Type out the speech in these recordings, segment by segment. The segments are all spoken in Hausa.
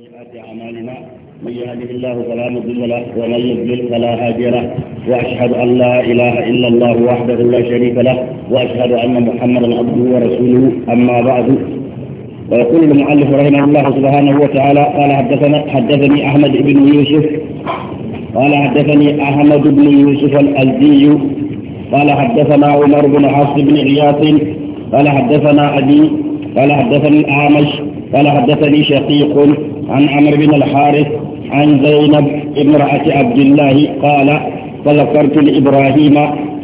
سيئات أعمالنا من يهده الله فلا مضل له ومن يضلل فلا هادي له وأشهد أن لا إله إلا الله وحده لا شريك له وأشهد أن محمدا عبده ورسوله أما بعد ويقول المؤلف رحمه الله سبحانه وتعالى قال حدثنا حدثني أحمد بن يوسف قال حدثني أحمد بن يوسف الالدي قال حدثنا عمر بن حفص بن غياث قال حدثنا أبي قال حدثني الأعمش قال حدثني شقيق عن عمرو بن الحارث عن زينب امرأة عبد الله قال فذكرت لإبراهيم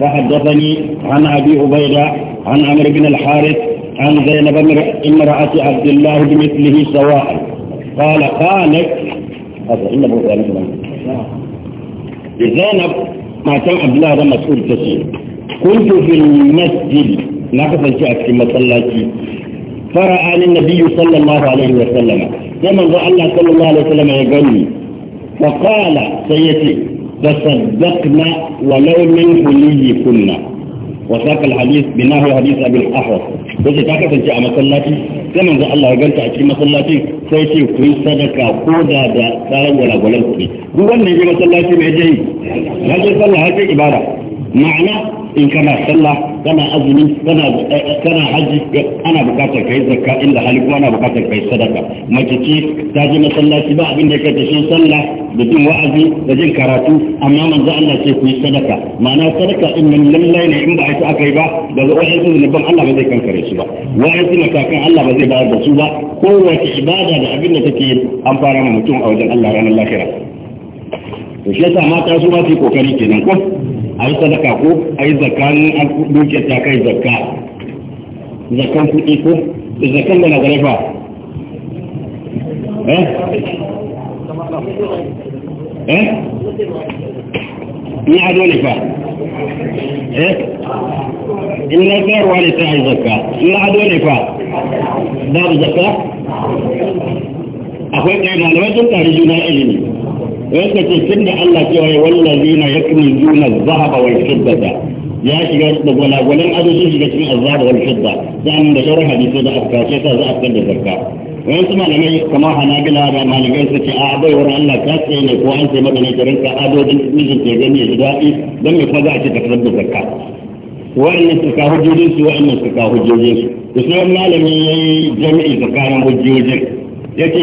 فحدثني عن أبي عبيدة عن عمرو بن الحارث عن زينب امرأة عبد الله بمثله سواء قال قالت هذا إنه يعني زينب ما كان عبد الله هذا مسؤول كثير كنت في المسجد لا kasance a cikin فرأى عن النبي صلى الله عليه وسلم كما رأى الله صلى الله عليه وسلم يقول فقال سيدي تصدقنا ولو من حلي كنا وساق الحديث هو حديث أبي الأحوص فإذا تأكد أنت أما صلاتي كما رأى الله يقول تأتي ما صلاتي سيتي في صدقة قودة دا سارة ولا ولا قولة هو أن يجي ما صلاتي ما يجي هذه عبارة معنى إن كما صلى كما أزمي كما كما حج أنا بقاتك كي زكاة إلا حليب وأنا بقاتك كي صدقة ما تجي تاجي ما صلى سبع بن ذكر تشين صلى بدون وعزي بدون كراتو أما من ذا الله شيخ في صدقة معنى صدقة إن من لم لا ينعم بعيث أكيبا بل أحيث من نبغ الله بذي كان كريسوا وأحيث ما كان الله بذي بعض رسوا قوة إبادة لأبنة كي أنفارنا متوم أوجد الله رانا الله خيرا to shi yasa mata su ma su yi kokari kenan ko a yi sadaka ko a yi zakka ne an dukiyar ta kai zakka zakkan kuɗi ko zakkan da na garefa eh eh ni ado ne fa eh in na sayarwa ne ta yi zakka in ado ne fa babu zakka akwai kai malamai wajen tare juna ilimi wanda ce tun da Allah cewa ya zina ya kuma juna zahaba wa fiddata ya shiga da gwalagwalin ado sun shiga cikin azaba wal fidda dan da sauran hadisi da aka ce sa za a kan da zakka wani su malamai kamar hanabila da malamai su ce a bai wurin Allah ka tsaye ne ko an sai maka ne ka rinka ado din mijin ke gani ya ji daɗi don me fa za a ce ka fitar da zakka wa'annan su ka hujjojin su wa'annan su ka hujjojin su to sai malami yayi jami'i tsakanin hujjojin yake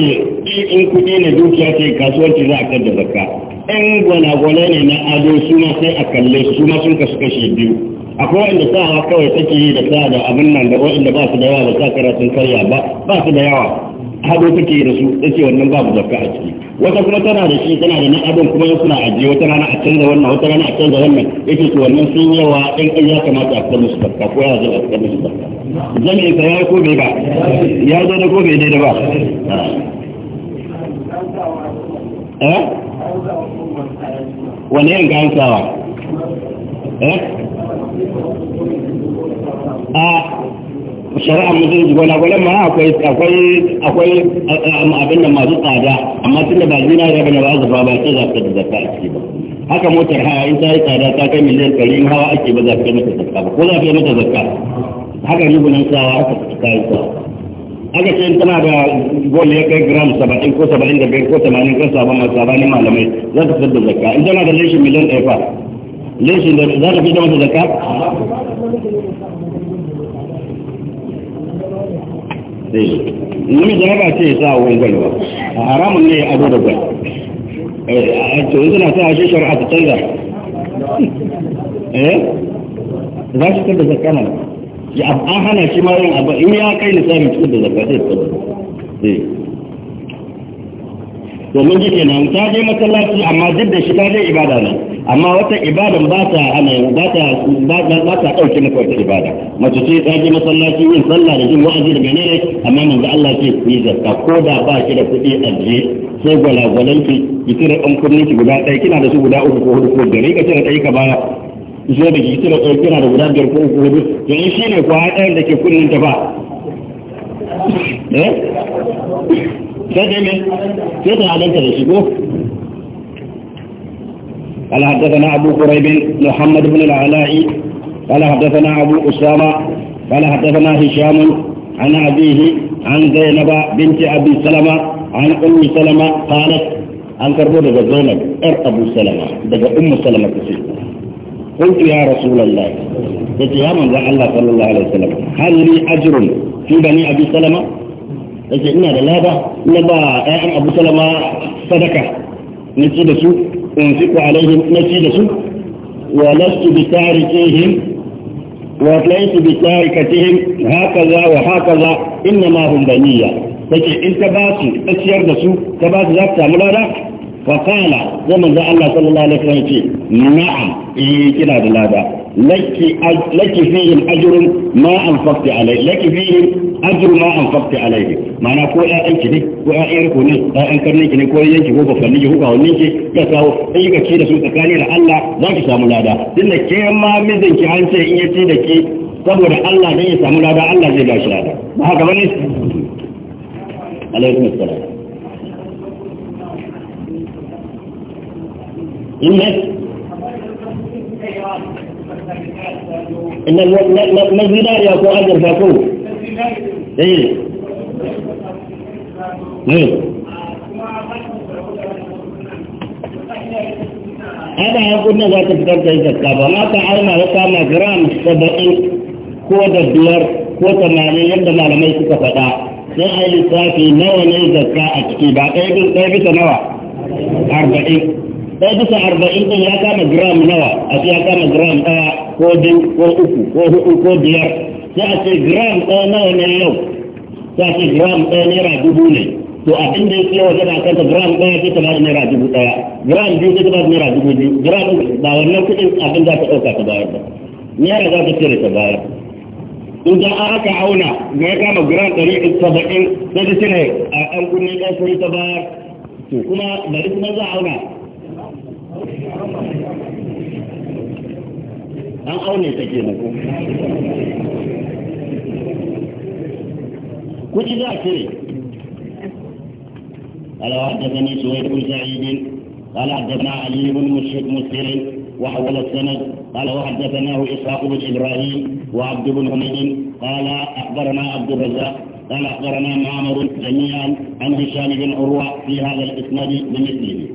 in kuɗi ne dukiya ce kasuwanci za a baka zakka in gwanagwane ne na ado su sai a kalle su ma sun kasu kashe biyu akwai wanda sa kawai take yi da sa da abin nan da wanda ba su da yawa ba sa karatun karya ba ba su da yawa hado take da su yace wannan babu zakka a ciki wata kuma tana da shi tana da nan abin kuma suna ajiye wata rana a canza wannan wata rana a canza wannan yake to wannan sun yawa in ɗan ya kamata a fitar musu zakka ko ya zo a fitar musu zakka zan yi ya ko bai ba ya zo da ko bai da ba eh wani yan kayan sawa eh a ah. shari'a musulunci gwalagwalan ma akwai akwai akwai eh, eh, abin da masu tsada amma tun da ba zinariya bane ba azurfa ba sai zaka da zakka a ciki ba haka motar haya in ta yi tsada ta kai miliyan ɗari in hawa ake ba za ka yi mata zakka ba ko za ka yi mata zakka haka rigunan sawa haka kayan sawa haka ce tana da gol ya kai gram saba'in ko saba'in da biyar ko tamanin kan sabon masu sabanin malamai za ta fitar da zakka in tana da leshin miliyan ɗaya fa leshin da za ta fitar da mata zakka wani jaraba ce sa wani gani ba a haramun ne a da gwal a eh, tsoron suna a ashe shari'a ta canza eh za shi da zakka ya an hana shi ma yin abu in ya kai nisabi cikin da zakka sai ta domin ji kenan ta je masallaci amma duk da shi ta je ibada ne amma wata ibada ba ta ana ba ta ba ta dauke maka wata ibada mace ce ta je masallaci yin sallah da jin wa'azi da menene amma ga Allah ce ku da ko da ba ki da kuɗi ajiye sai gwalagwalan ki ki tira ɗan kunnin ki guda ɗaya kina da su guda uku ko hudu ko gari ka tira ɗaya ka baya zo da ki tira ɗaya kina da guda biyar ko uku hudu to in shine ko ɗayan da ke kunnin ta ba eh sai dai mai sai ta قال حدثنا أبو قريب محمد بن العلاء قال حدثنا أبو أسامة قال حدثنا هشام عن أبيه عن زينب بنت أبي سلمة عن أم سلمة قالت عن كربو دقى زينب أر أبو سلمة دقى أم سلمة كسير قلت يا رسول الله قلت يا من الله صلى الله عليه وسلم هل لي أجر في بني أبي سلمة yake ina da laba na ba ƴaƴan abu salama sadaka na ci da su in fi ku alaihim na ci da su wa lastu bi tarikihim wa laysu bi tarikatihim hakaza wa hakaza innama hum baniya yake in ka ba su ka ciyar da su ka ba su za ka samu lada فقال كما جاء الله صلى الله عليه وسلم نعم إيه كلا بلادا لك لك فيه أجر ما أنفقت عليه لك فيه أجر ما أنفقت عليه معنى كو يا أنت دي كو يا إيرك ني يا أنك ني كني كو هو بفني هو هو نيك يا كاو أي كشي رسول الله ذاك سامو لادا دين كيما مزن كي أنت إيه دكي saboda Allah ne ya samu lada Allah zai ba shi lada ba haka bane مين هيك؟ ان ما ما ما في دار يا اخو اجر فاكو ايه مين انا اقول لك انت بتقدر تجي تتابع ما تعرف ما هو كان جرام سبعين كود الدير كود المال يبدا ما لم يكن فتاه لا اي لسافي نوى نوى زكاه اشكي بعد اي بنت نوى 40 ɗaya bisa arba'in ɗin ya kama gram nawa a ya kama gram ɗaya ko biyu ko uku ko hudu ko biyar sai a ce gram ɗaya nawa ne yau sai a ce gram ɗaya naira dubu ne to abin da yake wajen a kanta gram ɗaya sai ta naira dubu ɗaya gram biyu sai ta naira dubu biyu gram ba wannan kuɗin abin za ta ɗauka ta bayar ba naira za ta cire ta bayar in an aka auna ga ya kama gram ɗari saba'in sai ta cire a ɗan kunne ɗan kuri ta bayar to kuma bari kuma za a auna an aune ta ke ko kuci za a cire alawa بن سعيد suwai da قال حدثنا علي بن مشرك مسلم وحول السند قال وحدثناه اسحاق بن ابراهيم وعبد بن حميد قال اخبرنا عبد الرزاق قال اخبرنا معمر جميعا عن هشام بن عروه في هذا الاسناد بمثله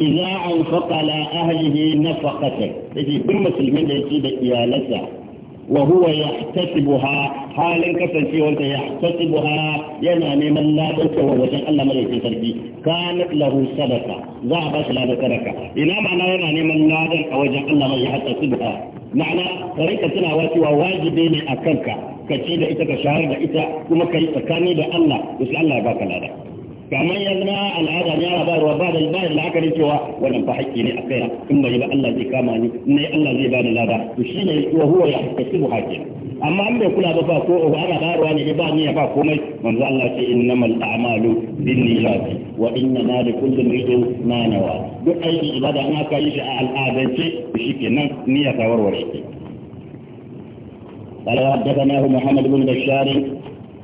إذا أنفق على أهله نفقته يجي كل مسلم يجيب إيالته وهو يحتسبها حالا كسنتي وانت يحتسبها ينا من لا تنسى ووجه الله من مليك تربي كانت له صدقة ذهبت لا ذكرك إلى معنى ينا من لا تنسى ووجه الله من يحتسبها معنى طريقة تناواتي وواجبين أكلك كتير إتك شهر إتك كما كي تكاني بأن الله بس الله باك الله kamar yanzu na al'ada ne yana bayarwa ba da bayar la'akarin cewa wannan fa haƙƙi ne a kaina in bai ba Allah zai kama ni ne Allah zai bani lada to shine wa huwa ya kasibu haƙƙi amma an bai kula ba ba ko ana bayarwa ne ba ni ya ba komai manzo Allah ce innamal a'malu binniyati wa innama likulli imrin ma nawa duk aiki ibada an aka yi shi a al'adance shikenan niyya ta warware قال وحدثناه محمد بن بشار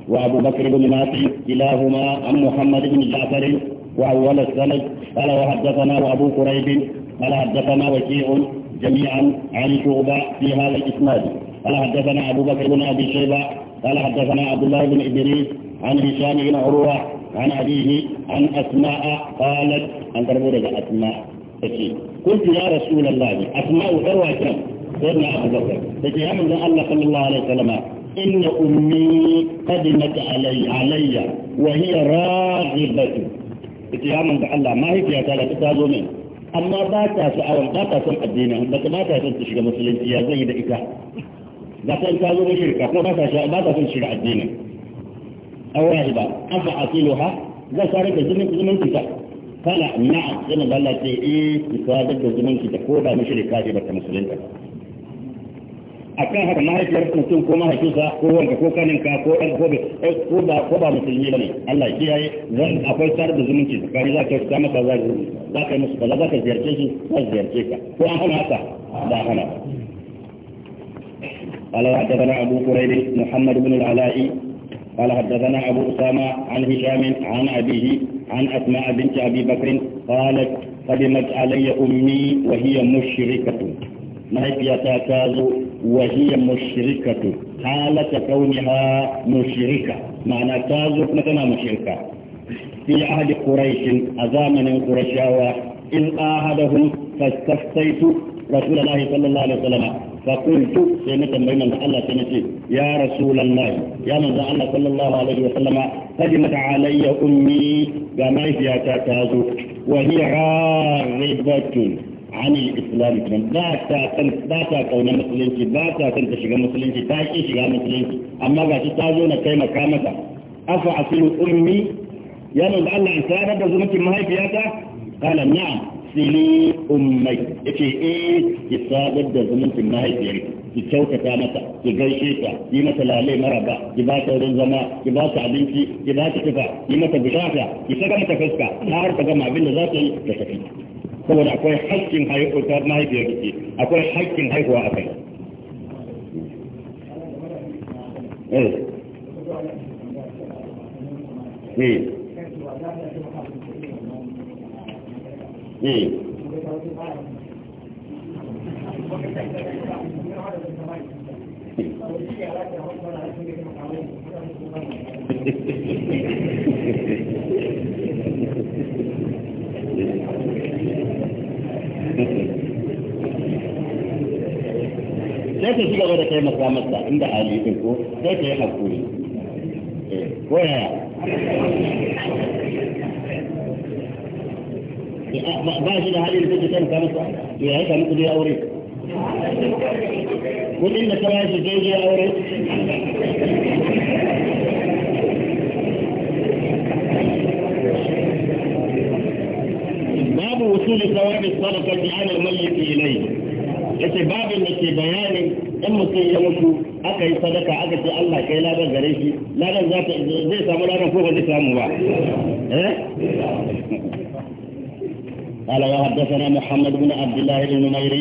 وأبو بكر بن نافع كلاهما عن محمد بن جعفر وأول السند قال وحدثنا وأبو كريب قال حدثنا وكيع جميعا عن شعبة في هذا الإسناد قال حدثنا أبو بكر بن أبي شيبة قال حدثنا عبد الله بن إدريس عن هشام بن عروة عن أبيه عن أسماء قالت عن كربورة أسماء قلت يا رسول الله أسماء أروى كم سيدنا أبو بكر فجاء من الله صلى الله عليه وسلم إن أمي قدمت علي علي وهي راغبة اتهاما بالله ما هي فيها قالت تتازو من أما باتا سأوان باتا سمع الدين بس ما تاسم تشغل مسلم يا زيد إتا باتا تتازو من شركة ما باتا تشغل الدين أو راغبة أصيلها ذا صارت زمن زمن تتا فلا نعم سنة بالله تي إيه تصادق زمن تتا كوبا مشركة بس مسلم akan haka mahaifiyar mutum ko mahaifinsa ko wanda ko kaninka ko ɗan ko ko ba ko ba musulmi bane Allah kiyaye zan akwai tsar da zumunci tsakani za ka ta masa za ka za ka musu bala za ka ziyarce shi za ka ziyarce ka ko an hana ka ba hana قال حدثنا أبو كريب محمد بن العلاء قال حدثنا أبو أسامة عن هشام عن أبيه عن أسماء بنت أبي بكر قالت قدمت علي أمي وهي مشركة ما هي ta وهي مشركة حالة كونها مشركة معنى تازق نتنا مشركة في عهد قريش أزامن قريشاوة إن آهدهم فاستفتيت رسول الله صلى الله عليه وسلم فقلت سيمة بين الله سنتي يا رسول الله يا من الله صلى الله عليه وسلم قدمت علي أمي قامت يا تازو وهي راغبة ani islami kuma da ta san da ta kauna musulunci da ta san shiga musulunci da ta musulunci amma ga shi ta zo na kai makamata afa asiru ummi ya nan ba Allah ya sanar da zumuncin mahaifiyata kana na'am sili ummi yace eh ki sabar da zumuncin mahaifiyarki ki kyautata mata ki gaishe ta yi mata lale maraba ki ba ta zama ki ba abinci ki ba ta kifa yi mata gishafa ki saka mata fuska har ta gama abin da za ta yi ta tafi saboda akwai haƙƙin haihuwa mahaifiyar akwai haƙƙin haihuwa a kai Thank eh. eh. eh. you. sai ka ci gaba da taimaka masa inda hali din ko sai ka yi hakuri ko yaya ba shi da hali da kake taimaka masa ya yi samu kudi aure kudin da kawai su je aure باب وصول ثواب الصدقة على الميت إليه itibabin da ke bayanin in mutum ya mutu aka yi sadaka aka ce Allah kai ladan gare shi ladan za قال وحدثنا محمد بن عبد الله بن نمير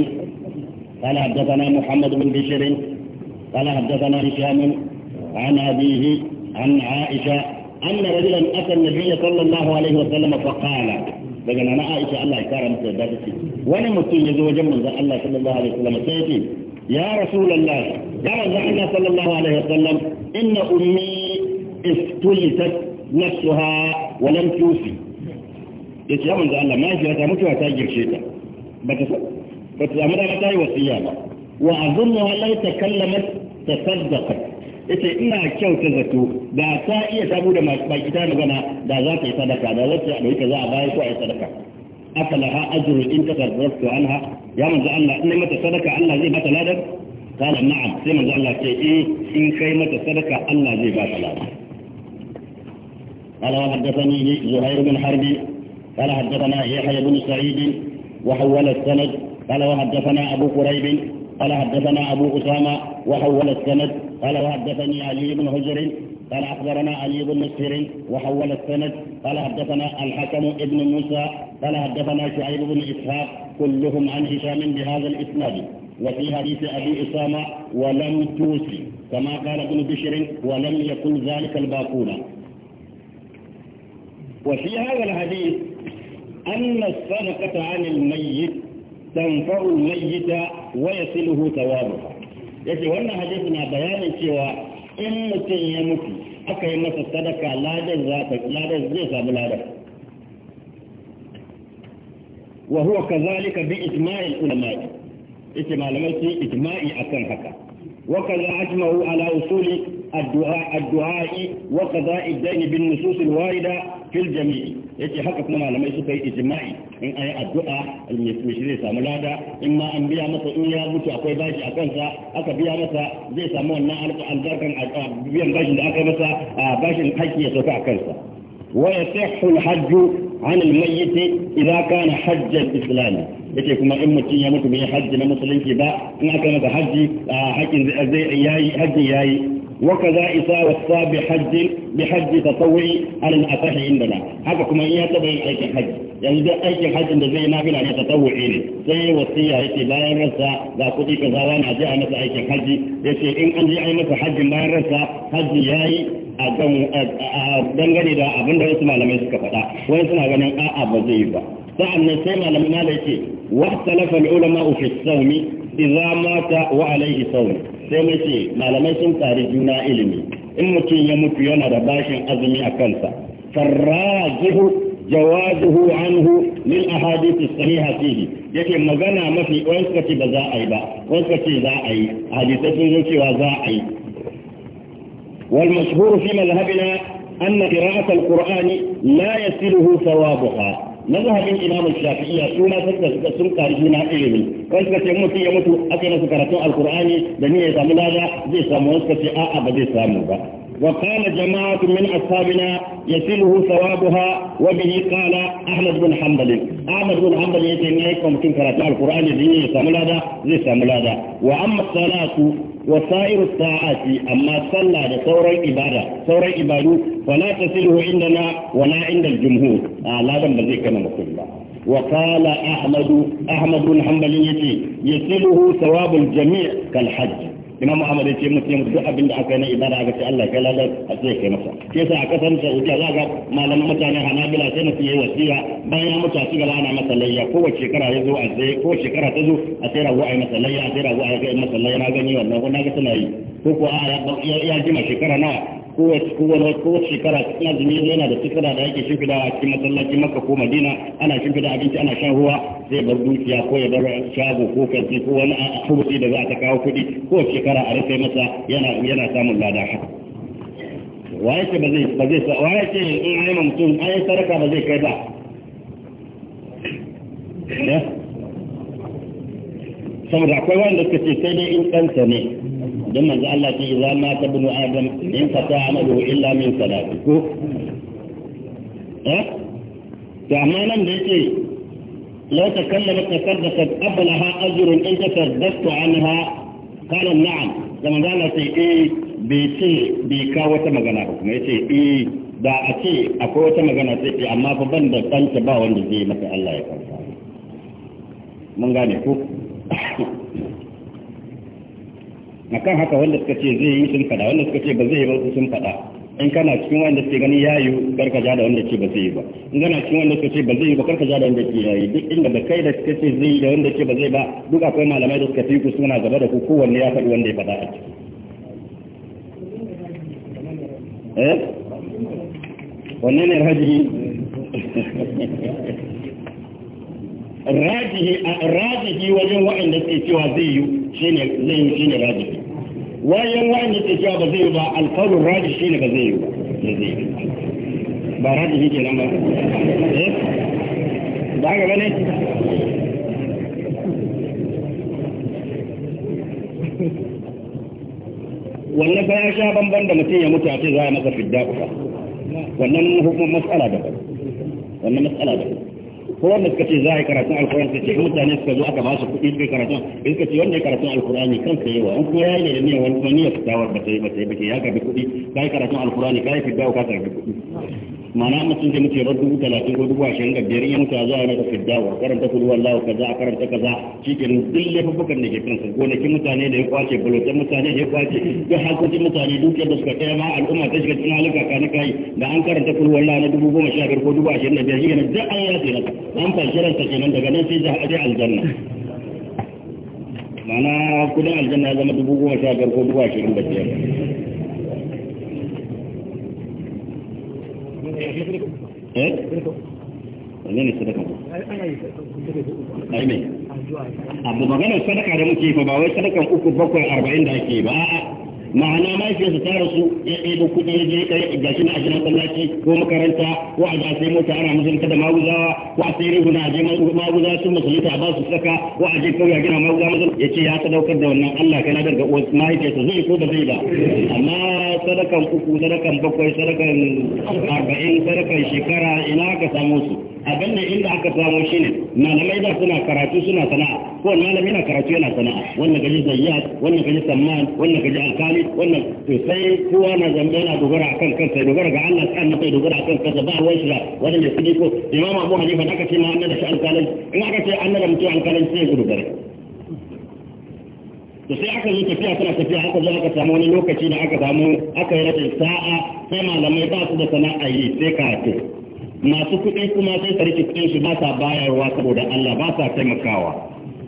قال حدثنا محمد بن بشر قال حدثنا هشام عن أبيه عن عائشة أن رجلا أتى النبي صلى الله عليه وسلم فقال daga nan Aisha Allah ya kara mata yadda take wani mutum ya zo wajen manzon Allah sallallahu alaihi wasallam sai ya ce ya rasulullah ya manzon Allah sallallahu alaihi wasallam inna ummi istulitat nafsuha wa lam tufi yace ya manzon Allah mafiya ta mutuwa ta girshe ta bata bata amma da ta yi wasiya ba wa azunnu la takallamat tasaddaqa yace ina kyauta zato da ta iya samu da baki ta magana da za ta yi sadaka da wacce a dauki za a bayar ko a yi sadaka aka laha ajru in ta an ha ya manzu Allah in mata sadaka Allah zai bata ladan kala na'am sai manzu Allah ce in kai mata sadaka Allah zai bata ladar قال وحدثني زهير بن حرب قال حدثنا يحيى بن سعيد وحول السند قال وحدثنا ابو قريب قال حدثنا ابو اسامه وحول السند قال وحدثني علي بن هجر قال اخبرنا علي بن مسهر وحول السند قال حدثنا الحكم ابن موسى قال حدثنا شعيب بن اسحاق كلهم عن هشام بهذا الاسناد وفي حديث ابي اسامه ولم توسي كما قال ابن بشر ولم يكن ذلك الباقون وفي هذا الحديث أن الصدقة عن الميت تنفع الميت ويصله ثوابها yace wannan hadisi na bayanin cewa in mutum ya mutu aka yi masa sadaka ladan zai samu ladan wa huwa kazalika bi ijma'il ulama yace malamai sun ijma'i akan haka wa kaza ajma'u ala usuli الدعاء الدعاء وقضاء الدين بالنصوص الواردة في الجميع يتي حقق منا لما يسوك إجماعي إن أي الدعاء المشري سامولادا إما أنبياء مطا إن يا باجي أكونسا أكا بيا مطا زي سامون نا ألقى ألقى أه، بيا باجي لأكا مطا أه، باجي الحجي يسوك أكونسا ويصح الحج عن الميت إذا كان حج الإسلامي yake kuma in mutum ya mutu bai hajji na musulunci ba in aka maka hajji a hajjin zai hajji yayi وكذا إساوة بحج بحج تطوعي على الأصح عندنا هذا كما هي تبعي أي حج يعني ده أي حج ده زي نافل عن يتطوعي لي زي وصية يتي لا يرسى لا كتي كذا وانا جاء مثل أي حج يتي إن أن جاء مثل حج لا يرسى حج ياي dangane da abin da wasu malamai suka faɗa wani suna ganin a'a ba zai yi ba sa'an nan sai malamai na da ce wa talafa ulama fi saumi إذا مات وعليه صوم سيمتي ما لم يسم تاريخنا إلمي إن مكين يموت يوم رباش أزمي أكنسا فالراجه جوازه عنه من أحاديث الصحيحة فيه يكي مغانا ما في وانسكتي بزاء أيبا وانسكتي زاء أي حديثة نوتي وزاء أي والمشهور في مذهبنا أن قراءة القرآن لا يسيره ثوابها mazhabin imamu shafi'iyya suna suka suka sun kari juna ilimi wani suka ce mutum ya mutu ake masa karatun alkur'ani da ni ya samu lada zai samu wasu ce a'a ba zai samu ba وقال جماعة من أصحابنا يسيله ثوابها وبه قال أحمد بن حنبل أحمد بن حنبل يتنيكم تنكرة القرآن دي سملادا دي هذا وأما الصلاة وسائر الساعات أما صلى ثورة إبادة ثورة إبادة فلا تسيله عندنا ولا عند الجمهور آه لا دم بذيك كما وقال أحمد أحمد بن حنبل يتي يسيله ثواب الجميع كالحج imam Muhammad yake mutum ya mutu duk abin da aka yi na ibada ga ce Allah kai ladar a ce kai masa ke sa a kasar Saudiya za ga malaman mutane Hanabila sai mutum yayi wasiya bayan ya mutu a cigaba ana masa layya wace shekara ya zo a zai ko shekara ta zo a sai rago a yi masa layya a sai rago a yi masa layya na gani wannan ko na ga suna yi ko ko a ya jima shekara nawa kowane kowace kowace shekara cikin azumi yana da shekara da yake shimfida a cikin masallaci makka ko madina ana shimfida abinci ana shan ruwa zai bar dukiya ko ya bar shago ko kanti ko wani asibiti da za ta kawo kuɗi ko shekara a rufe masa yana yana samun lada haka waye ce ba zai ba zai waye ce in mutum sarka ba zai kai ba eh? saboda akwai wanda suka ce sai dai in ɗansa ne dan manzo Allah ce idza ma tabnu adam in ka ta amalu illa min salati ko eh to amma nan da yake la takallama takallaka ablaha ajrun in ka tadaktu anha kana na'am dan manzo Allah sai eh bi ce bi ka wata magana ba kuma yace eh da a ce akwai wata magana sai ce amma fa ban da tsanci ba wanda zai maka Allah ya karfa mun gane ko kan haka wanda suka ce zai yi sun fada wanda suka ce ba zai yi ba sun fada in kana cikin wanda suke gani ya yi karka ja da wanda ce ba zai yi ba in kana cikin wanda suka ce ba zai yi ba karka ja da wanda ce ya yi duk inda da kai da suka ce zai yi da wanda ce ba zai ba duk akwai malamai da suka fi ku suna gaba da ku kowanne ya faɗi wanda ya faɗa a ciki. eh ne rajin rajihi a rajihi wajen waɗanda suke cewa zai yi shine zai yi shine rajihi wajen waɗanda suke cewa ba zai yi ba alƙawar rajihi shine ba zai yi ba zai yi ba rajihi ke nan ba eh ba ga bane wannan fa ya sha bamban da mutum ya mutu a ce za a masa fidda kuka wannan hukumar matsala daban wannan matsala daban ko wanda suka ce za a yi karatun alkurani suka ce mutane suka zo aka ba su kuɗi suka karatun in suka ce wanda ya karatun alkurani kansa yawa in ko ya yi da ne wani niyyar fitawar ba ta yi ba ta yi ba ke ya karbi kuɗi ka yi karatun alkurani ka yi fitawa ka karbi kuɗi mana mutum da muke bar dubu talatin ko dubu ashirin da biyar in mutu za a raka fiddawa karanta kudu wallahu kaza a karanta kaza shikenan duk laifuffukan da ke kansa gonakin mutane da ya kwace bulotan mutane da ya kwace da harkokin mutane dukiyar da suka kai ma al'umma ta shiga cikin halin kani kai da an karanta kudu wallahu na dubu goma sha biyar ko dubu ashirin da biyar shikenan duk an yafe naka an fanshi ranta kenan daga nan sai za a je aljanna mana kudin aljanna ya zama dubu goma sha biyar ko dubu ashirin da biyar eh wanne ne sadaka ai me abu maganar sadaka da muke ba wai sadakan uku bakwai arba'in da ake ba a'a ma'ana mahaifiyarsa ta rasu ya ɗaya kuɗi ya je kai gashi na ajiyar masallaci ko makaranta ko a ga sai mota ana musulunta da maguzawa ko a sai rihuna a je maguza sun musulunta a ba su saka ko a je kawai a gina maguza musulunta ya ce ya sadaukar da wannan Allah kana daga mahaifiyarsa zai ko ba zai ba amma sadakan uku sadakan bakwai sadakan arba'in sadakan shekara ina aka samu su abin da inda aka samu shi ne malamai da suna karatu suna sana'a ko malami na karatu yana sana'a wannan gaji zayyad wannan gaji samman wannan gaji alkali wannan to sai kowa na zambe yana dogara akan kansa dogara ga Allah sai kai dogara akan kansa ba ruwan shi da wannan ne kudi ko imamu Abu Hanifa da aka ce ma annabi shi alkali in aka ce annabi mutum alkali sai ya dogara da sai aka yi tafiya tana tafiya aka zo aka samu wani lokaci da aka samu aka yi rashin sa'a sai malamai ba su da sana'a yi sai karatu masu kuɗi kuma sai rike kuɗin su ba sa bayarwa saboda Allah ba sa taimakawa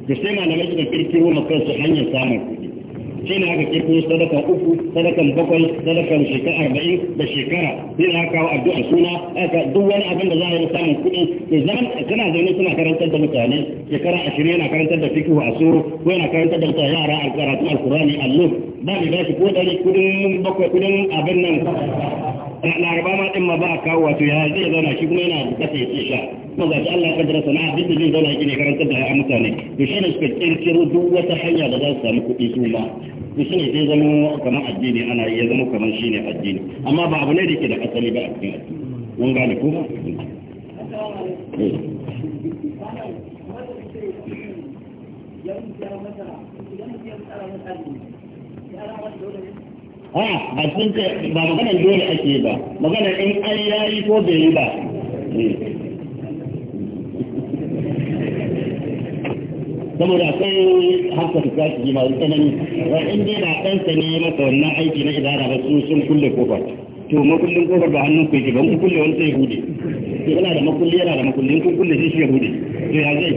da sai malamai suka kirkiro ma kansu hanyar samun kuɗi shi ne aka kirko sadaka uku sadakan bakwai sadakan shekara arba'in da shekara sai na kawo addu'a suna aka duk wani abin da za a yi samun kuɗi ke zan kana zaune suna karantar da mutane shekara ashirin yana karantar da fikihu a suru ko yana karantar da mutane yara a karatu alkurani allo ba ne ba su ko ɗari kuɗin bakwai kuɗin abin nan laraba ma din ma ba a kawo wato ya zai zauna shi kuma yana bukatar ya ce sha kuma ga shi Allah ya kaddara sana abin da zai zauna yake ne karantar da ya mutane to shi ne suka kirkiro duk wata hanya da za su samu kuɗi su ma to shi ne zai zama kamar addini ana ya zama kamar shi ne addini amma ba abu ne da ke da asali ba a cikin addini mun gane ko ba Yan ya masa, yan ya tsara masa ne, ya masa dole ne. a ba kun ce ba maganar dole ake ba maganar in an yayi ko bai yi ba saboda sai hafsa su kwaci ji masu tsanani wa in dai ba ɗansa ne masa wannan aiki na idara ba su sun kulle kofar to makullin kofar ba hannun ku yake ba kun kulle wani sai hude to yana da makulli yana da makulli kun kulle shi shi ya hude to ya zai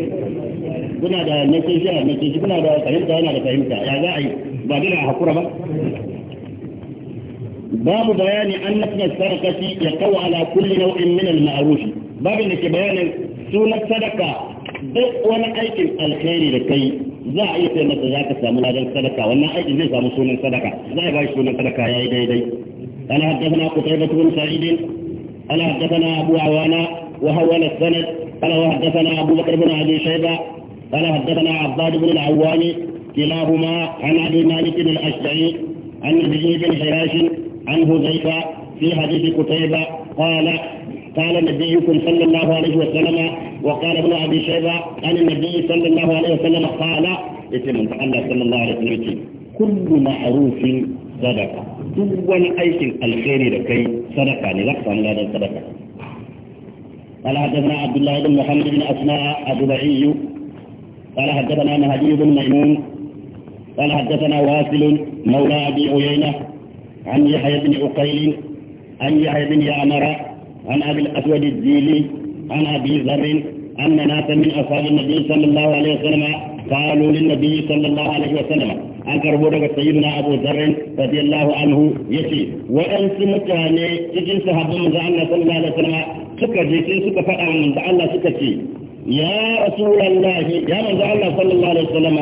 kuna da nakin shi a nakin shi kuna da fahimta yana da fahimta ya za a yi ba dole a hakura ba باب بيان أن اسم الصدقة يقوى على كل نوع من المعروف باب لك بيان سنة صدقة دق وانا ايكم الخير لكي زعي في مسجاك سامونا جل صدقة وانا ايكم زي سامو سنة صدقة زعي باي سنة صدقة يا ايدي ايدي انا حدثنا قتيبة بن سعيد انا حدثنا ابو عوانا وهوان السند انا حدثنا ابو بكر بن عدي شيبة انا حدثنا عباد بن العواني كلاهما عن ابي مالك بن الاشجعي عن ابن بن حراش عن هزيفة في حديث قتيبة قال قال نبيكم صلى الله عليه وسلم وقال ابن ابي شيبه عن النبي صلى الله عليه وسلم قال يتم من صلى الله عليه وسلم كل معروف صدقه كل أي الخير لكي da kai sadaka ne za ka قال حدثنا عبد الله بن محمد بن اسماء بعي قال حدثنا مهدي بن ميمون قال حدثنا واصل مولى ابي عيينه عن يحيى بن عقيل عن يحيى بن يعمر عن أبي الأسود الديلي عن أبي ذر أن ناسا من أصحاب النبي صلى الله عليه وسلم قالوا للنبي صلى الله عليه وسلم an karbo daga sayyidina Abu Dharr radiyallahu anhu yace waɗansu mutane cikin sahabban manzo Allah sallallahu alaihi wasallam suka je sai suka faɗa manzo Allah suka ce ya rasulullah ya manzo Allah sallallahu alaihi wasallam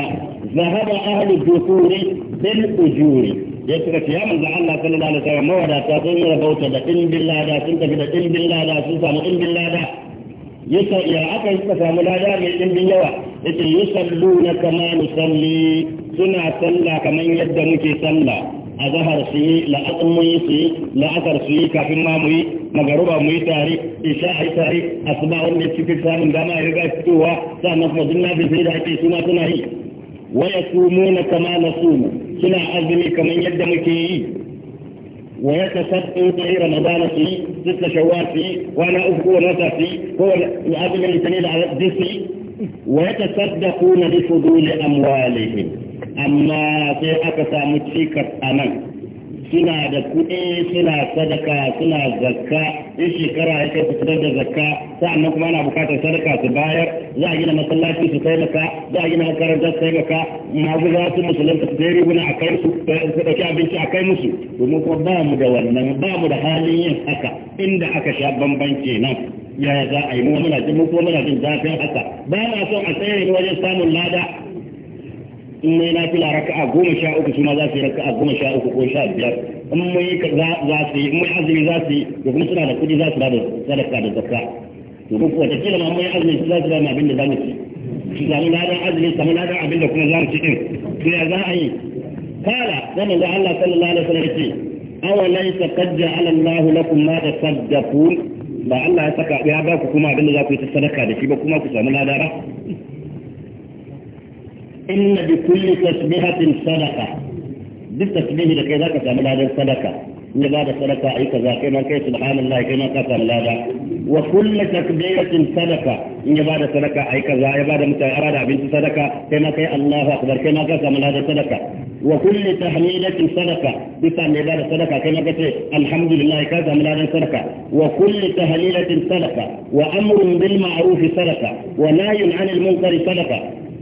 zahaba ahlu dukuri bil ujuri ya suka ce ya manzo Allah sallallahu alaihi wasallam mawadata sun yi rabauta da dimbin lada sun tafi da dimbin lada sun samu dimbin lada yasa ya aka yi samu lada mai dimbin yawa yace na kama nusalli suna sallah kamar yadda muke sallah a zahar su yi la'asar mu yi su yi la'asar su yi kafin ma mu yi magaruba mu yi tare isha a yi tare asuba wanda cikin samun dama ya riga fitowa sannan kuma duk na fi da ake suna suna yi waya su mu na kama na su mu كنا عزمي كمن يدمكي ويتصدق في رمضان في ست شوال في وانا افقو نسا في هو العزم الكليل على جسي ويتصدقون بفضول اموالهم اما في اكثر متشيكة امان suna da kuɗi suna sadaka suna zakka in shekara ya kai fitar da zakka sa'annan kuma ana bukatar sadaka su bayar za a gina masallaci su taimaka za a gina makarantar su taimaka maguza su musulunta su sai riguna a kai su su ɗauki abinci a kai musu domin kuma ba mu da wannan ba mu da halin yin haka inda aka sha bamban kenan yaya za a yi mu muna jin mu kuma muna jin zafin haka ba na son a tsaye wajen samun lada in mai nafila raka'a goma sha uku su za su yi raka'a goma sha uku ko sha biyar in mai za su yi mai azumi za su yi da kuma suna da kuɗi za su da sadaka da zakka to duk kila ma mai azumi su za su da abin da za mu ci su samu ladan azumi samu ladan abin da kuma za mu ci din to ya za a yi kala zan da Allah sallallahu alaihi wasallam yake awa laysa qad ja'ala Allah lakum ma tasaddaqun ba Allah ya saka ya ba ku kuma abin da za ku yi sadaka da shi ba kuma ku samu ladan ba إن بكل تسبيحة صدقة دي لكذا لكي ذاك تعمل هذه الصدقة إن بعد أي كذا كما كي سبحان الله كما قسم لا وكل تكبيرة صدقة إن بعد صدقة أي كذا أي بعد متعرض بنت صدقة كما كي الله أكبر كما قسم هذا صدقة وكل تحميلة صدقة الله عبادة الصدقة كما قلت الحمد لله كذا هذا صدقة وكل تهليلة صدقة وأمر بالمعروف صدقة ونهي عن المنكر صدقة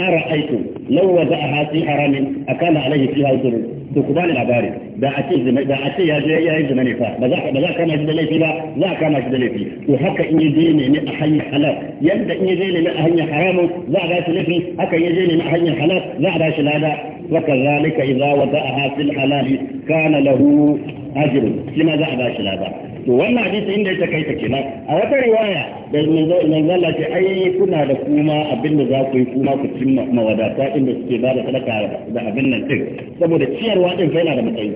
أرأيتم لو وضعها في حرام أكان عليه فيها الظلم تقبال العباري باعتيه زم... باعتيه زي... يا يا زمني فا بذاك بذاك كان جد لي فيها لا كان جد لي فيه وحكى إني ديني من أحيي حلال يبدأ إني ديني من أحيي حرام لا غاش لي فيه إني ديني من أحيي حلال لا غاش لا وكذلك إذا وضعها في الحلال كان له أجر لماذا أبا شلابا وانا عديث عند كيف كنا أولا رواية من ذلك لك أي كنا لكوما أبن ذاك ويكوما كتم موادات إن استبارة لك إذا أبن نتك سبب تشير واحد فينا لما تأيه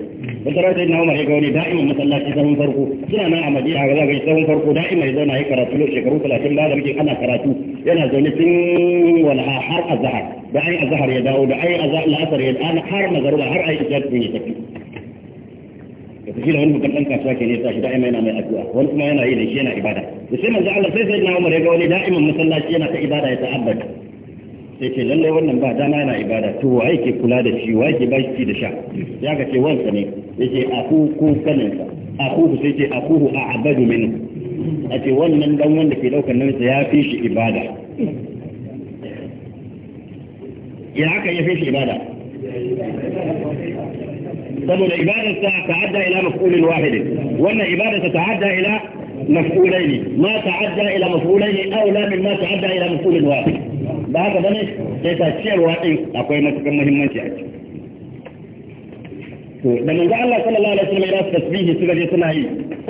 فترى سيدنا عمر يقولي دائما مثلا كيسهم فرقوا كنا نعم دي أغلاق كيسهم فرقوا دائما إذا نعي كراتلو شكروا فلكن لا لم يجي أنا كراتلو yana zaune tun wani har azahar da ai azahar ya dawo da ai azahar la'asar ya dawo har magaruba har ai isha tun ya tafi da tafi da wani babban dan kasuwa ke ne tashi da'ima yana mai addu'a wani kuma yana yi da shi yana ibada da sai manzo Allah sai sai na Umar ya ga wani da'iman masallaci yana ta ibada ya ta'abbata sai ce lallai wannan ba dama yana ibada to wa yake kula da shi wa yake bashi da sha ya ga ce wansa ne yake aku ko kaninsa akuhu sai ce akuhu a abadu minhu a ce wannan dan wanda ke ɗaukar nauyin ya fi shi ibada ya haka ya fi shi ibada saboda ibadarsa ta'adda ila maf'ulin wahidin wannan ibadarsa ta'adda ila maf'ulain ma ta'adda ila maf'ulain aw la min ma ta'adda ila مفعول wahid ba haka bane sai ta ciyarwa din akwai matukan muhimmanci a ciki to da manzo Allah sallallahu alaihi wasallam ya tasbihi suka je suna yi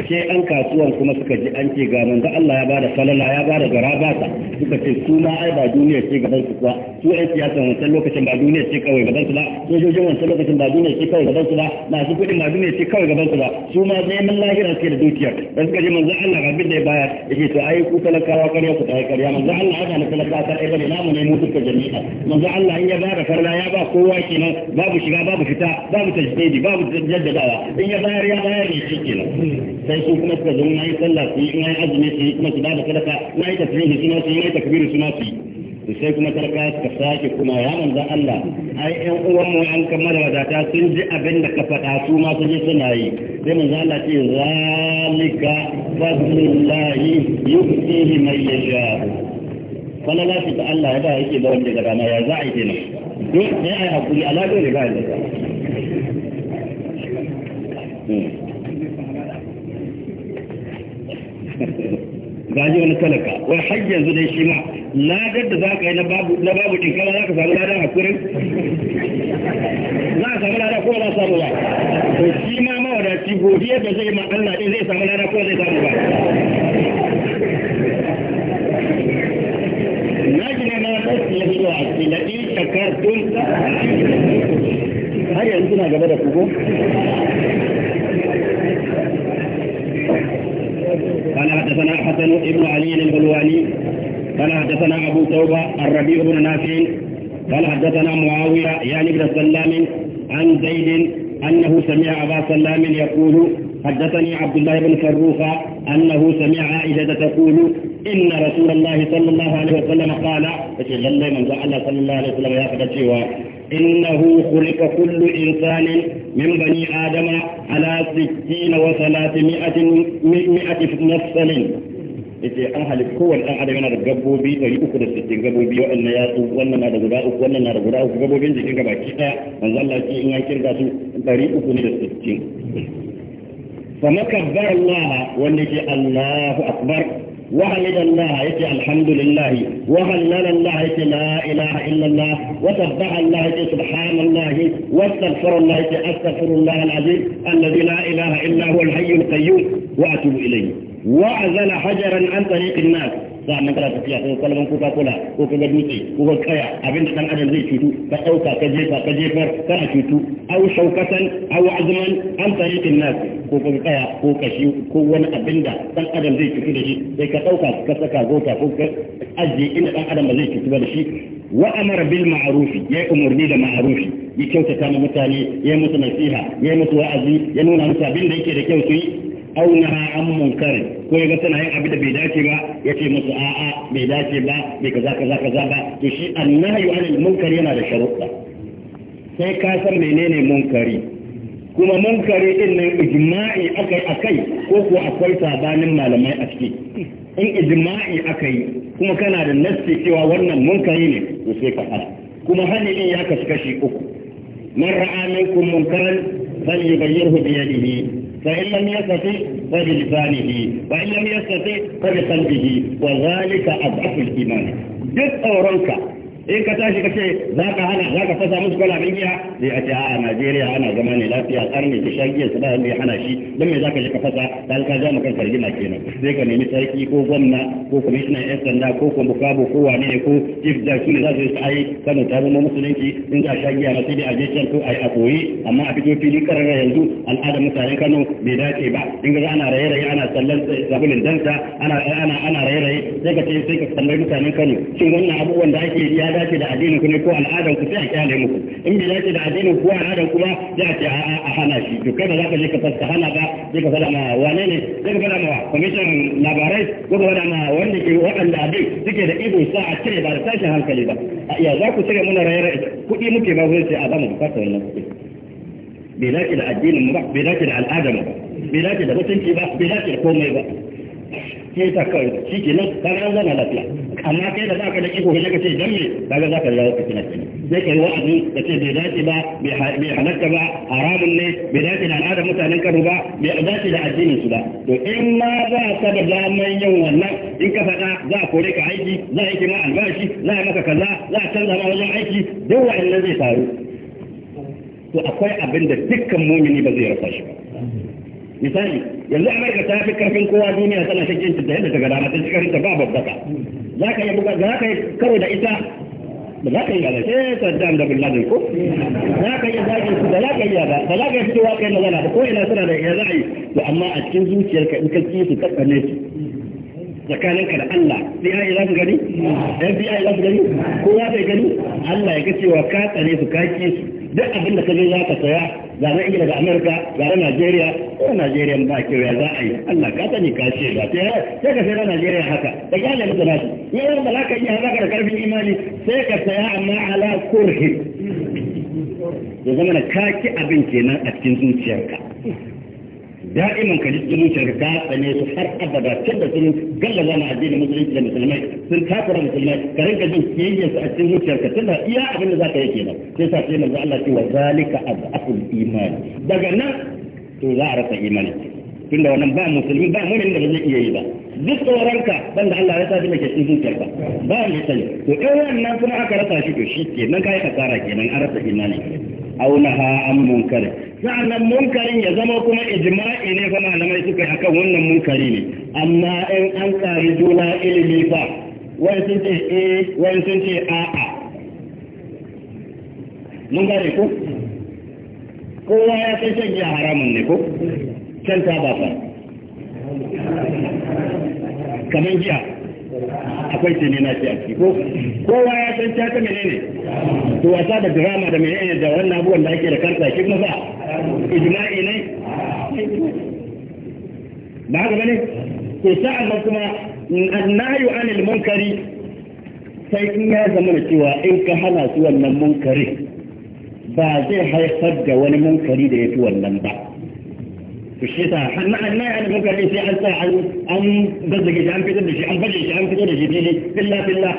sai an kasuwan kuma suka ji an ce ga manzo Allah ya bada salala ya bada garaba ta suka ce su ma ai ba duniya ce gaban su ba su ai siyasa wancan lokacin ba duniya ce kawai gaban su ba sojojin wancan lokacin ba duniya ce kawai gaban su ba masu kudin ba duniya ce kawai gaban su ba su ma neman lahira suke da dukiya da suka je manzo Allah ga bin da ya bayar yake to ai ku talakawa kare ku tai kariya manzo Allah ya bada talakawa kare bane namu ne mu duka jami'a manzo Allah in ya bada farla ya ba kowa kenan babu shiga babu fita babu tajdidi babu jaddadawa in ya bayar ya bayar ne shi kenan sai su kuma suka zama yi sallah su yi na yi azumi su yi kuma su bada sadaka na yi da suna su yi na yi da suna su yi sai kuma karka suka sake kuma ya manza Allah ai ƴan uwan mu an kammala wadata sun ji abin da ka faɗa su ma sun je suna yi sai manza Allah ce zalika fadlullahi yu'tihi man yasha falala ta Allah ya ba yake da wanda ga dama ya za a yi kenan duk sai ai hakuri ala da ba da gaji wani talaka wai har yanzu dai shi ma na gadda za ka yi na babu ɗin kawai za ka samu ladan hakurin za ka samu ladan ko za samu ba to shi ma mawadaci godiyar da zai ma Allah din zai samu ladan ko zai samu ba na ji na ɗansu ya fito a cikin da in shakar har yanzu na gaba da kuku قال حدثنا حسن بن علي البلواني قال حدثنا ابو توبه الربيع بن نافع قال حدثنا معاويه يعني بن سلام عن زيد انه سمع ابا سلام يقول حدثني عبد الله بن فروخ انه سمع عائشه تقول ان رسول الله صلى الله عليه وسلم قال فتجلى من الله صلى الله عليه وسلم يا انه خلق كل انسان من بني آدم على ستين وثلاثمائة مئة نفسل yace an halitta kowane ɗan adam yana da gabobi ɗari uku da sittin gabobi waɗannan yatsu wannan na da guda uku wannan na da guda uku gabobin jikin gaba ki ɗaya manzo Allah ce in an kirga su ɗari uku ne da sittin fa makabbara Allah wanda ke Allahu akbar وحمد الله يتي الحمد لله وهلل الله يتي لا إله إلا الله وسبح الله يتي سبحان الله واستغفر الله يتي أستغفر الله العظيم الذي لا إله إلا هو الحي القيوم وأتوب إليه وعزل حجرا عن طريق الناس sa'annan kana tafiya ko kalman kuka kula ko kaga dutse ko ka kaya abinda dan adam zai cutu ka ɗauka ka jefa ka jefar kana cutu aw shaukatan aw azman an tariqin nas ko ka kaya ko kashi ko wani abinda dan adam zai cutu da shi sai ka ɗauka ka saka gota ko ka ajiye inda dan adam ba zai cutu ba da shi wa amara bil ma'ruf ya umurni da maarufi ya kyautata ma mutane ya musu nasiha ya musu wa'azi ya nuna musu abin da yake da kyau su yi au naha an munkari ko ya ga tana yin abin da bai dace ba yace musu a'a bai dace ba bai kaza kaza kaza ba to shi annahyu anil munkari yana da sharuɗa sai ka san menene munkari kuma munkari din nan ijma'i akai akai ko ko akwai sabanin malamai a ciki in ijma'i akai kuma kana da nassi cewa wannan munkari ne to sai ka fara kuma hani din ya kashi kashi uku man ra'a minkum munkaran falyughayyirhu bi yadihi فإن لم يستطع فبلسانه وإن لم يستطع فبقلبه وذلك أضعف الإيمان جد أورانك in ka tashi ka ce za ka hana za ka fasa musu kwalabin giya sai a ce a Najeriya ana zama ne lafiya karni ta shan giya su ba mai hana shi don me za ka je ka fasa ta ka ja maka rigima kenan zai ka nemi sarki ko gwamna ko kwamishinan yan sanda ko kwambu bukabo ko wane ne ko chief da su ne za su yi sa'ayi kano ta zama musulunci in za a sha giya sai dai a je can ko a yi a koyi amma a fito fili karar yanzu al'adar mutanen Kano bai dace ba in ga ana raye-raye ana sallan sabulin danta ana ana ana raye-raye sai ka ce sai ka sallan mutanen Kano shin wannan abubuwan da ake yi dace da addinin ku ne ko al'adan ku sai a kyale muku in bai dace da addinin ku al'adan ku ba za a ce a hana shi to kada ba za ka je ka fasa hana ba sai ka fada ma wane ne sai ka fada ma kwamishin labarai ko ka fada ma wanda ke waɗanda abin suke da ido sa a cire ba da tashin hankali ba ya za ku cire muna rayar kuɗi muke ba zai sai a ba mu bukatar wannan kuɗi bai dace da addinin mu ba bai dace da al'adan mu ba bai dace da mutunci ba bai dace da komai ba sai ta kawai shi ke nan ta ga zana lafiya amma kai da zaka da iko ne ka ce dan me kaga zaka yawo ka kina kina zai kai wa'azi ka ce bai dace ba bai halatta ba haramun ne bai dace da al'adar mutanen kano ba bai dace da addinin su ba to in ma za ka da daman yin wannan in ka faɗa za a kore ka aiki za a yi ma albashi za a maka kaza za a canza ma wajen aiki duk wa'annan zai faru to akwai abin da dukkan mumini ba zai rasa shi ba misali yanzu amurka ta fi karfin kowa duniya tana shakin ta yadda ta gada mata cikin ta ba babbaka za ka yi buga za ka yi karo da ita da za ka yi gada sai dam da bin ko za ka yi zagin su da za ka yi gaba da za ka yi fitowa kai magana da ko ina suna da ya ra'ayi to amma a cikin zuciyarka in ka ci su kakkane su tsakaninka da Allah DI za su gani FBI za su gani ko za ta gani Allah ya ga cewa ka tsare su ka ki su duk abin da ka je za ka saya ga na ingila da amerika ga na najeriya ko najeriya ba ke ya za a yi allah ka sani ka ce ba sai sai ka sai na najeriya haka da ga halin da shi ya yi da ka yi haka da karfin imani sai ka saya amma ala kurhi ya zama na kaki abin kenan a cikin zuciyarka da'iman ka jikin mutunka ka tsane su har abada tun da sun gallaza na addini musulunci da musulmai sun kafara musulmai ka rinka jin kiyayyar su a cikin zuciyarka tun da iya abin da za ka yi kenan sai sa sai manzo Allah ce wa zalika azaful iman daga nan to za a rasa imani tun da wannan ba musulmi ba mu'min da ba zai iya yi ba duk tsoronka ban da Allah ya sa mai cikin zuciyarka ba mai sani to in wannan kuma aka rasa shi to shi kenan kai kasara kenan an rasa imani aunaha an munkari sa'annan munkarin ya zama kuma ijma'i ne fa malamai suka yi akan wannan munkari ne amma in an kari juna ilimi ba wani sun ce eh wani sun ce a a mun gane ko kowa ya san shan giya haramun ne ko shan taba fa kamar giya akwai ce ne na ce a ciki ko kowa ya san ta ta menene to sa da drama da menene da wannan abubuwan da ake da karta shi kuma ba ijma'i ne ba haka bane to sa'an nan kuma annahyu anil munkari sai in ya zama da cewa in ka hana su wannan munkari ba zai haifar da wani munkari da ya fi wannan ba الشيطاح ما أنا أنا يعني ممكن يصير حتى عن عن بزق إذا عم كده شيء عم بزق إذا عم كده شيء بيجي بالله بالله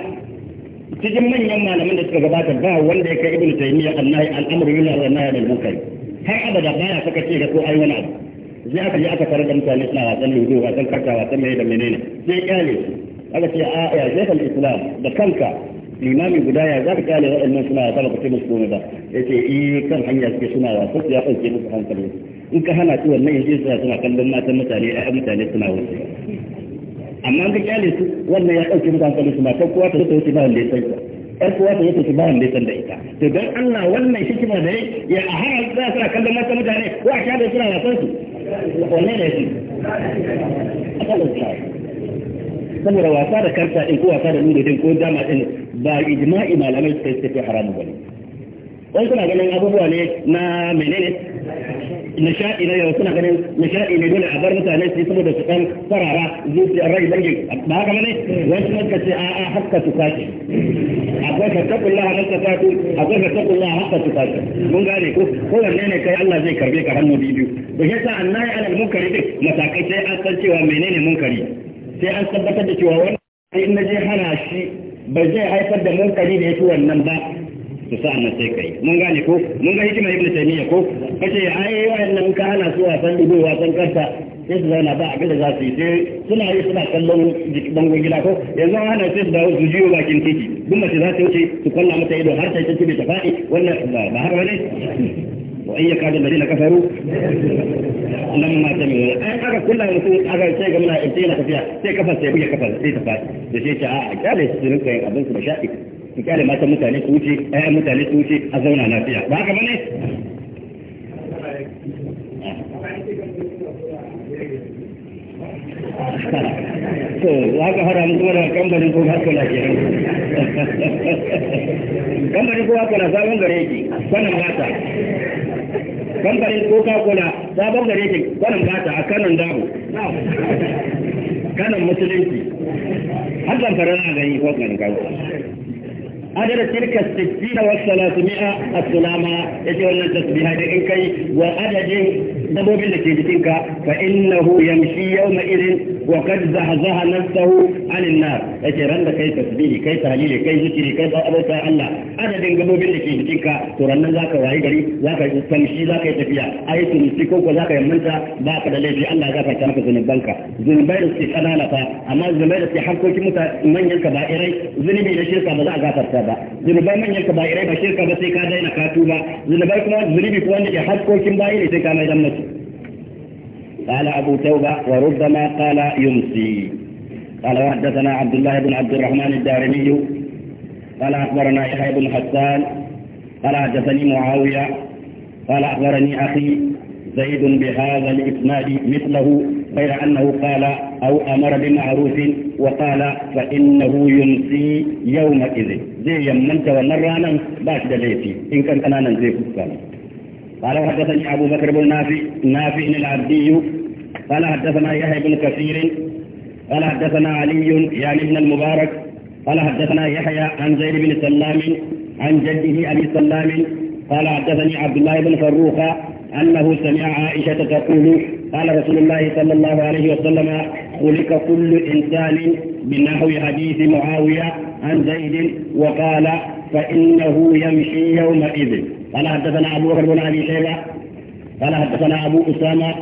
تجمع يوم ما لما نسق جبات الباء وندك ابن تيمية النهي الأمر إلى النهي الممكن هاي أبدا ما يفكر شيء كتو أي من هذا زي أكل زي أكل فردم سالسنا وسن يدو وسن كتا وسن ميدا منينه زي قالي هذا شيء آية زي الإسلام بكنكا limami guda ya za ka kyale waɗannan suna wasa ba ce musu ba ya ce eh kan hanya suke suna wasa ya ɗauke musu hankali in ka hana su wannan yanzu suna suna kallon matan mutane a mutane suna wuce amma ka kyale su wannan ya ɗauke musu hankali suna kan kowa ta wuce ba wanda ya san ɗan kowa ta wuce ba wanda ya san da ita to don Allah wannan hikima da ya a hana su suna kallon matan mutane ko a kyale suna wasan su wanne ne shi saboda wasa da karta ɗin ko wasa da nuno ɗin ko ba ijma'i malamai suka yi tafi haramu bane wani suna ganin abubuwa ne na menene nishaɗi na yau suna ganin nishaɗi ne dole a bar mutane su saboda su ɗan farara zuciyar rai dangi ba haka ne wasu suka ce a'a haka su sace akwai ka taɓa Allah na ka sace akwai ka taɓa Allah haka su sace mun gane ko kowanne ne kai Allah zai karbe ka hannu biyu da yasa annahi alal munkari duk matakai sai an san cewa menene munkari sai an tabbatar da cewa wannan in na je hana shi ba zai haifar da munkari da yake wannan ba su sa nan sai kai mun gane ko mun ga hikimar ibnu taymiya ko kace ai wannan ka ana su wasan ido wasan karta sai su zauna ba abin da za su yi sai suna yi suna kallon bangon gida ko yanzu ana sai su dawo su jiyo bakin titi duk mace za ta wuce su kwalla mata ido har ta ce ta faɗi wannan ba har wani wa ayya kadin da dina kafaru lamma sami an aka kulla mutum aka ce ga muna ita yana tafiya sai kafar sai buge kafar sai ta fadi da shi ce a kyale su rinka yin abin su da sha'i su kyale matan mutane su wuce ayan mutane su wuce a zauna lafiya ba haka bane Thank you. to ya ka hada da kambarin ko haka na sabon gare ki sanin mata kambarin ko a kanan kanan musulunci har na gani ko kan kawo adada tilka wa 300 as-salama wannan tasbiha da in kai wa adadin الدبابين اللي تيجي فإنه يمشي يومئذ وقد زهزها نفسه عن النار أتيران ده كيف تسبيلي كيف تهليلي كيف تسبيلي كيف أبوك عن الله أنا دين الدبابين اللي تيجي تنكا تران ذاك وعي غري ذاك تمشي ذاك يتفيا أي تمسكه وذاك يمنسى ذاك الذي أن ذاك تمسك زنبانكا زنبان استخدام لك أما زنبان استحقك متى من ينكا بائري زنبان لشيرك بلا ذاك ارتابا زنبان من ينكا بائري بشيرك بسيكا دينا كاتوبا زنبان كما زنبان كما ينكا بائري سيكا ميدان متى قال أبو توبة وربما قال يمسي قال وحدثنا عبد الله بن عبد الرحمن الدارمي قال أخبرنا يحيى بن حسان قال حدثني معاوية قال أخبرني أخي زيد بهذا الإسناد مثله غير أنه قال أو أمر بمعروف وقال فإنه يمسي يومئذ زي يمنت ونرانا باش دليتي إن كان كان أنا زي قال وحدثني أبو بكر بن نافع نافع العبدي قال حدثنا يحيى بن كثير قال حدثنا علي يعني ابن المبارك قال حدثنا يحيى عن زيد بن سلام عن جده أبي سلام قال حدثني عبد الله بن فروخ أنه سمع عائشة تقول قال رسول الله صلى الله عليه وسلم خلق كل إنسان بنحو حديث معاوية عن زيد وقال فإنه يمشي يومئذ قال حدثنا أبو بكر بن أبي شيبة قال حدثنا أبو أسامة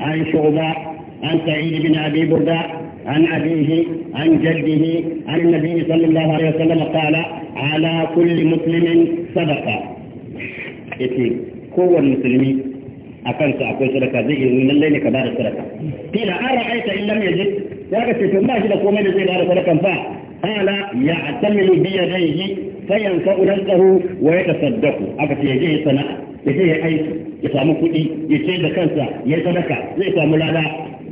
عن شعبة عن سعيد بن أبي بردة عن أبيه عن جده عن النبي صلى الله عليه وسلم قال على كل مسلم صدقة إثنين قوة المسلمين أكنت أقول صدقة ذي من الليل كبار الصدقة قيل أرأيت إن لم يجد يا في ما جدك ومن زي صدقة فقال يعتمل بيديه fayanka tsaro wa yatasaddaqu aka ce yaje ya sana'a yaje ya aiki ya samu kuɗi ya ce da kansa ya sadaka zai samu lada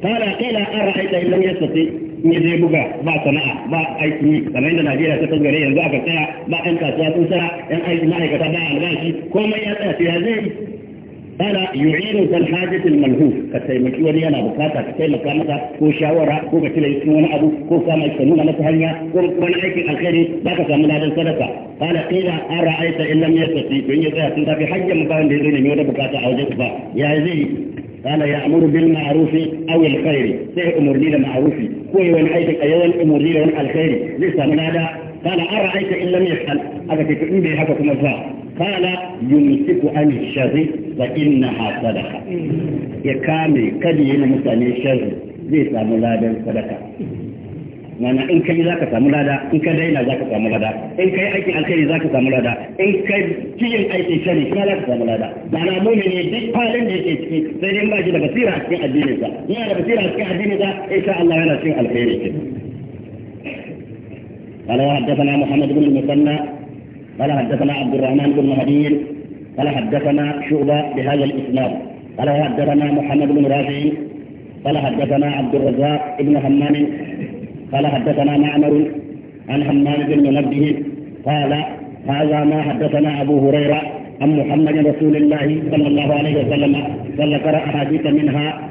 kana kaina an ra'aita ya sace in ya zai buga ba sana'a ba aiki kamar yadda Najeriya ta tsangare yanzu aka tsaya ba ɗan kasuwa sun tsara yan aiki ma'aikata ba albashi komai ya tsaya sai ya zai kana yu'inu kal hajatil malhuf ka taimaki wani yana bukata ka taimaka masa ko shawara ko ka tilai cikin wani abu ko ka mai nuna masa hanya ko wani aikin alkhairi za ka samu ladan sadaka kana qila ara'aita in lam yastati to in ya tsaya sun tafi hajjan ba wanda ya zo ne wani bukata a wajen ba ya zai قال يأمر بالمعروف أو الخير سيء أمر لي المعروف كوي وين عايز ايون امور لي الخير ليس من هذا قال ارايت ان لم يفعل هذا في تقول هذا كما قال يمسك عن الشر فانها صدقه يا كامي كدي ان مساني الشر ليس من صدقه mana in kai zaka samu lada in ka daina zaka samu lada in kai aikin alkhairi zaka samu lada in kai cikin aikin shari kuma za ka samu lada mana ne duk halin da yake ciki sai dai ba shi da basira a cikin addinin sa yana da basira a cikin addinin sa insha Allah yana cikin alkhairi ke قال حدثنا محمد بن المثنى قال حدثنا عبد الرحمن بن مهدي قال حدثنا شعبة بهذا الإسناد قال حدثنا محمد بن رافع قال حدثنا عبد الرزاق بن همام قال حدثنا معمر عن همام بن منبه قال هذا ما حدثنا ابو هريره عن محمد رسول الله صلى الله عليه وسلم قال قرا احاديث منها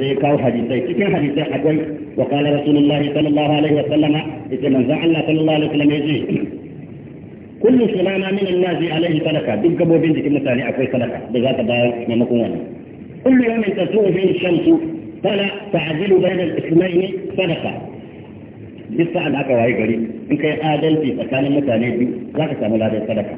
ذكر حديثين كيف حديث حقوي وقال رسول الله صلى الله عليه وسلم اذا من زعل صلى الله عليه وسلم يجي كل سلامة من الناس عليه صدقة دمك بو بنتك مثالي أكوي صدقة بذات بايو ممكوان كل يوم تسوء فيه الشمس فلا تعدل بين الاثنين صدقة duk sa'an da aka waye gari in kai adalci tsakanin mutane biyu za ka samu ladan sadaka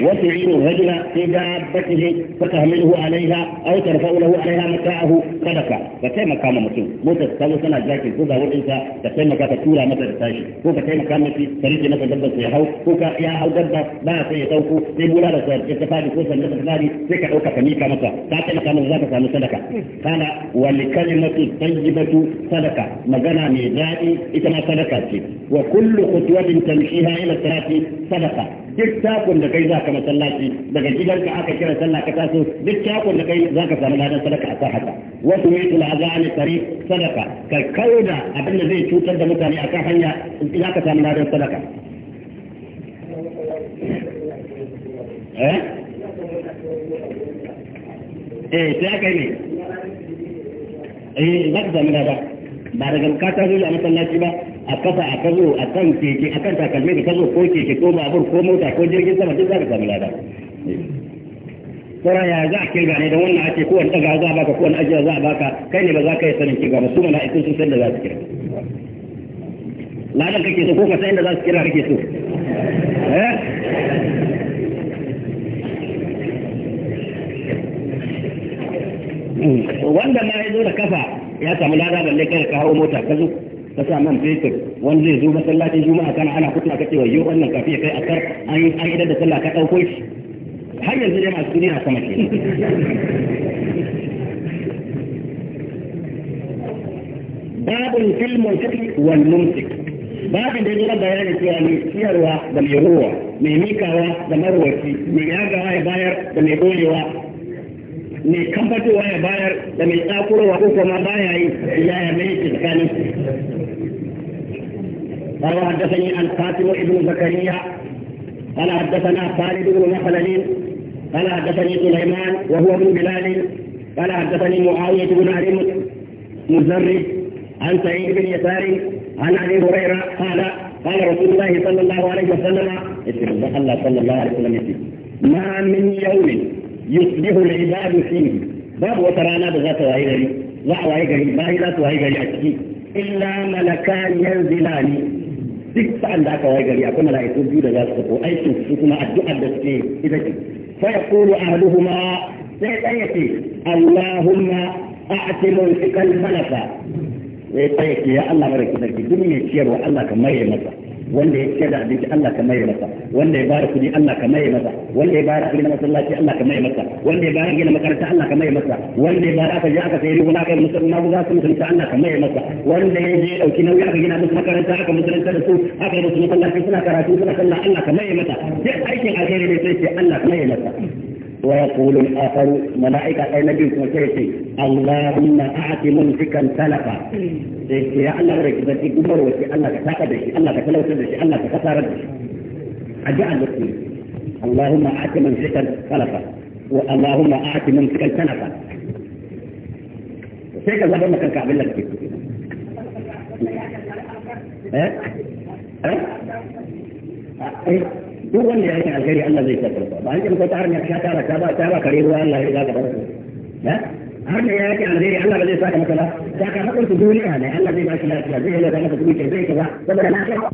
وتعين الهدي في دابته فتحمله عليها او ترفع له عليها متاعه صدقه فتيما كان مسلم موتى تسوي سنه جاكي كوكا هو انت تتيما كا تورا متى تاشي كوكا تيما كان مسي سريتي متى دبا سي هاو كوكا يا هاو دبا لا سي توكو سي بولا دا سر اتفادي كوسا متى تفادي سي كاوكا كميكا متى تاتيما كان ذاك سامي صدقه قال والكلمه الطيبه صدقه مجانا ميزادي اتما صدقه وكل خطوه تمشيها الى الصلاه صدقه duk takon da kai zaka masallaci daga gidanka aka kira sallah ka taso duk takon da kai zaka samu ladan sadaka a sahaka wa tuwitul azani tariq sadaka ka kauda abin da zai cutar da mutane a akan hanya zaka samu ladan sadaka eh eh sai aka yi eh zaka samu ladan ba daga ka taso a masallaci ba a kasa a kazo a kan keke a kan takalmi da kazo ko keke ko babur ko mota ko jirgin sama duk za ka samu lada sauran ya za a kirga ne da wannan ake kowane ɗaga za a baka kowane ajiya za a baka kai ne ba za ka yi sanin kirga ba su mana ikin sun san da za su kira ladan kake so ko ka san inda za su kira kake so eh? wanda ma ya zo da kafa ya samu lada balle kai ka hawo mota ka zo ka sa man fetur wani zai zo masallacin juma'a kana ana kuta ka ce wayo wannan kafi kai akar an yi an idan da sallah ka dauko shi har yanzu dai masu duniya sama ke babin filmin kafi wal mumsik babin da ya bayani cewa mai ciyarwa da mai ruwa mai mikawa da marwaci mai yagawa ya bayar da mai dorewa mai kambatowa ya bayar da mai tsakurowa ko kuma baya yi ya ya mai tsakanin قال حدثني القاسم بن زكريا قال حدثنا خالد بن مخلد قال حدثني سليمان وهو من بلال قال حدثني معاويه بن علي مزرد عن سعيد بن يسار عن ابي هريره قال قال رسول الله صلى الله عليه وسلم الله صلى الله عليه وسلم ما من يوم يصبح العباد فيه باب وترانا بذات وعيد لا وعيد باهي لا الا ملكان ينزلان duk sa'an da aka waye gari akwai mala'iku biyu da za su fito aikin su kuma addu'ar da suke ita ce fa yaqulu ahaduhuma sai dan yace Allahumma a'ti mulkal malaka sai ta yake ya Allah mara kidarki duk mai ciyarwa Allah ka maye masa wanda ya ce da abinci Allah ka mai masa wanda ya bari kudi Allah ka mai masa wanda ya bari kuɗi masallaci Allah ka mai masa wanda ya bari gina makaranta Allah ka mai masa wanda ya bari aka je aka sayi gona aka musu na buga su musulunta Allah ka mai masa wanda ya je dauki nauyi aka gina musu makaranta aka musulunta da su aka musu masallaci suna karatu suna sallah Allah ka mai masa duk aikin alheri ne sai ce Allah ka mai masa ويقول الآخر ملائكة نبي وكيفي اللهم أعط ممسكا سلفا يا الله ركبتي قبر وشي الله كتاقة بشي الله كتلوت بشي الله كتسارة أجعل مسلم اللهم أعط ممسكا سلفا اللهم أعط ممسكا سلفا sai ka zaɓar maka abin da kake eh eh duk wanda ya yi alheri Allah zai karɓa ba an kirka ta hanya ta tara ta ba ta ba kare ruwa Allah ya ga ba har da ya yake alheri Allah ba zai saka maka ba sakamakon su duniya ne Allah zai ba shi lafiya zai yi da maka zuciya zai kaza saboda lafiya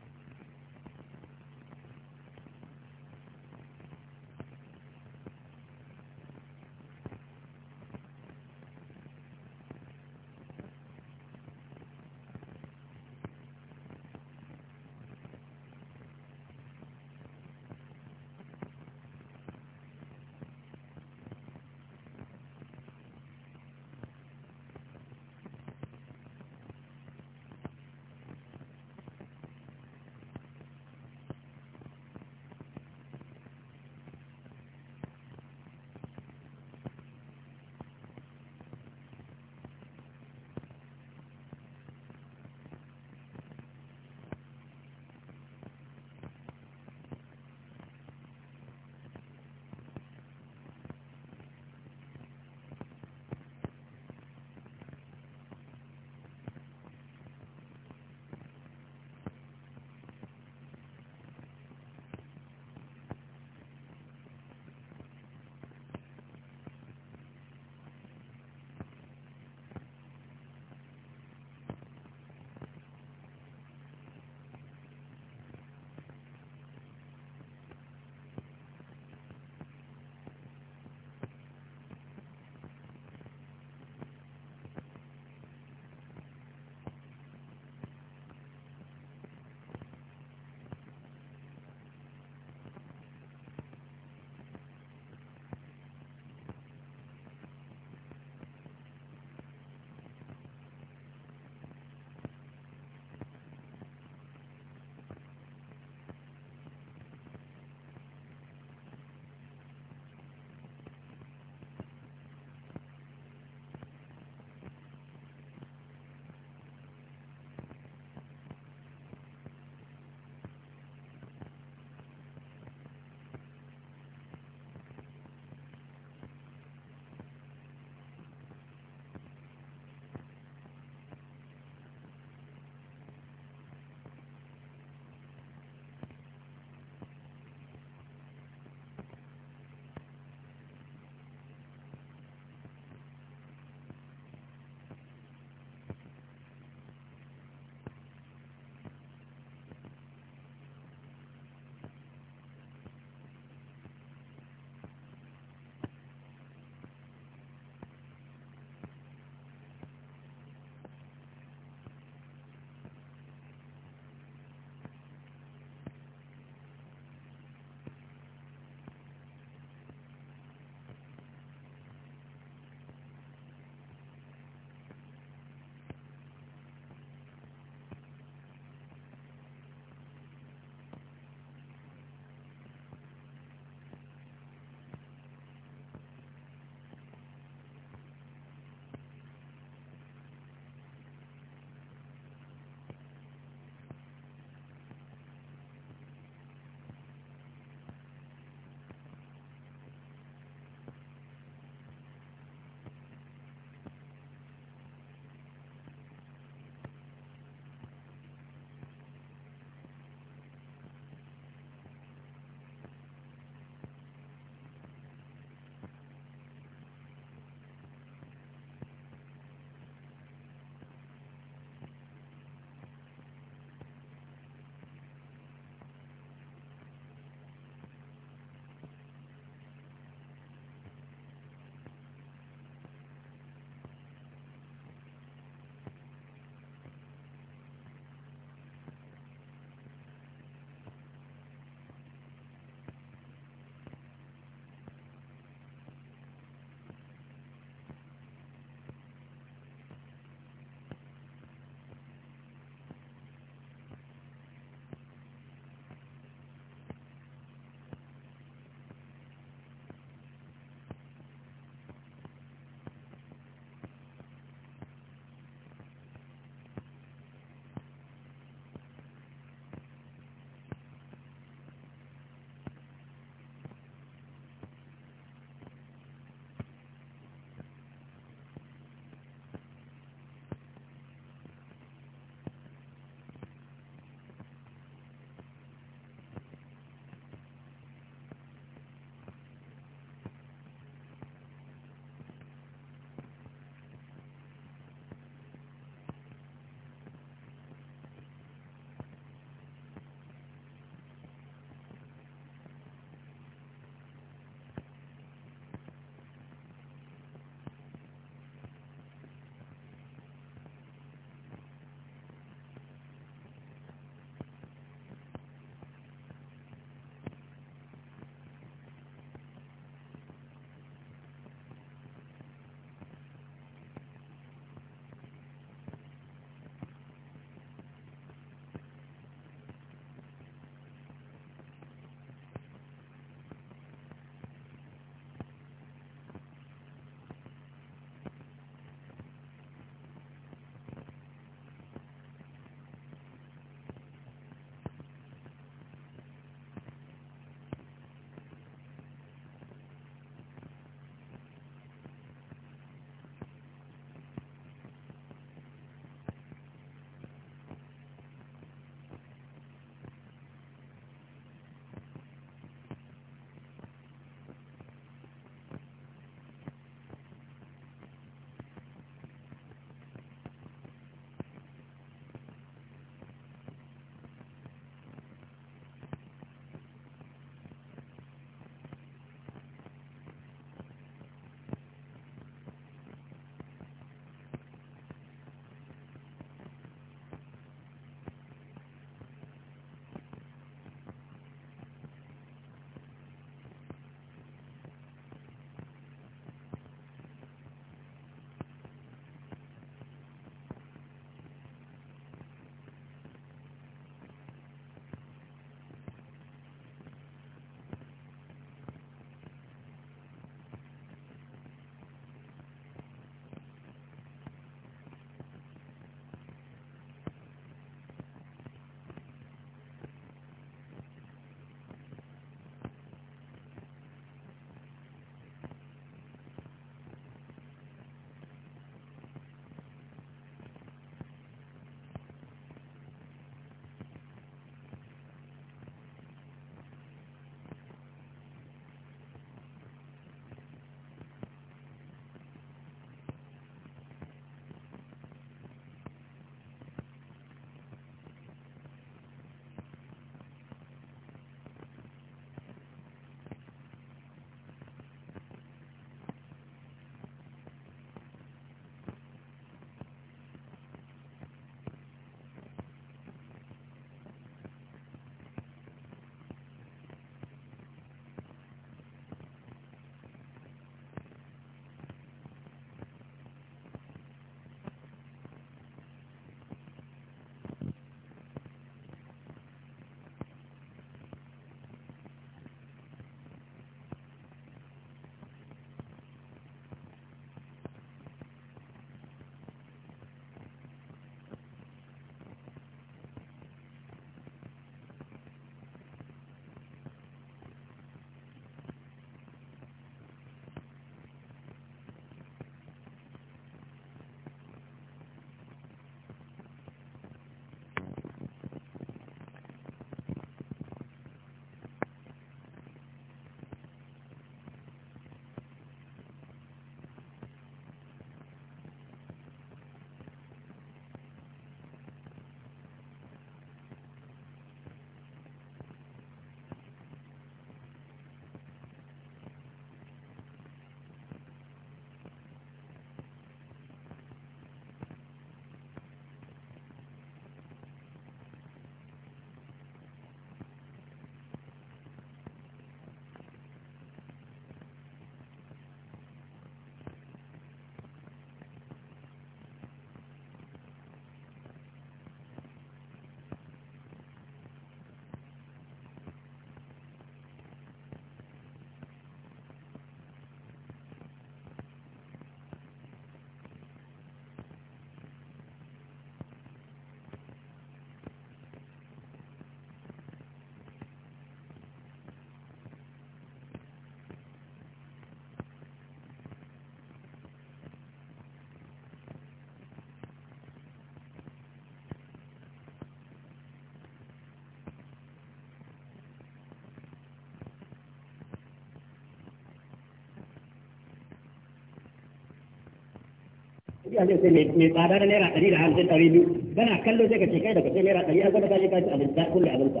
ya sai mai tsada na naira ɗari da hamsin ɗari biyu kana kallo sai ka ce kai daga sai naira ɗari gwada kaji kaji abin da kulle abin ka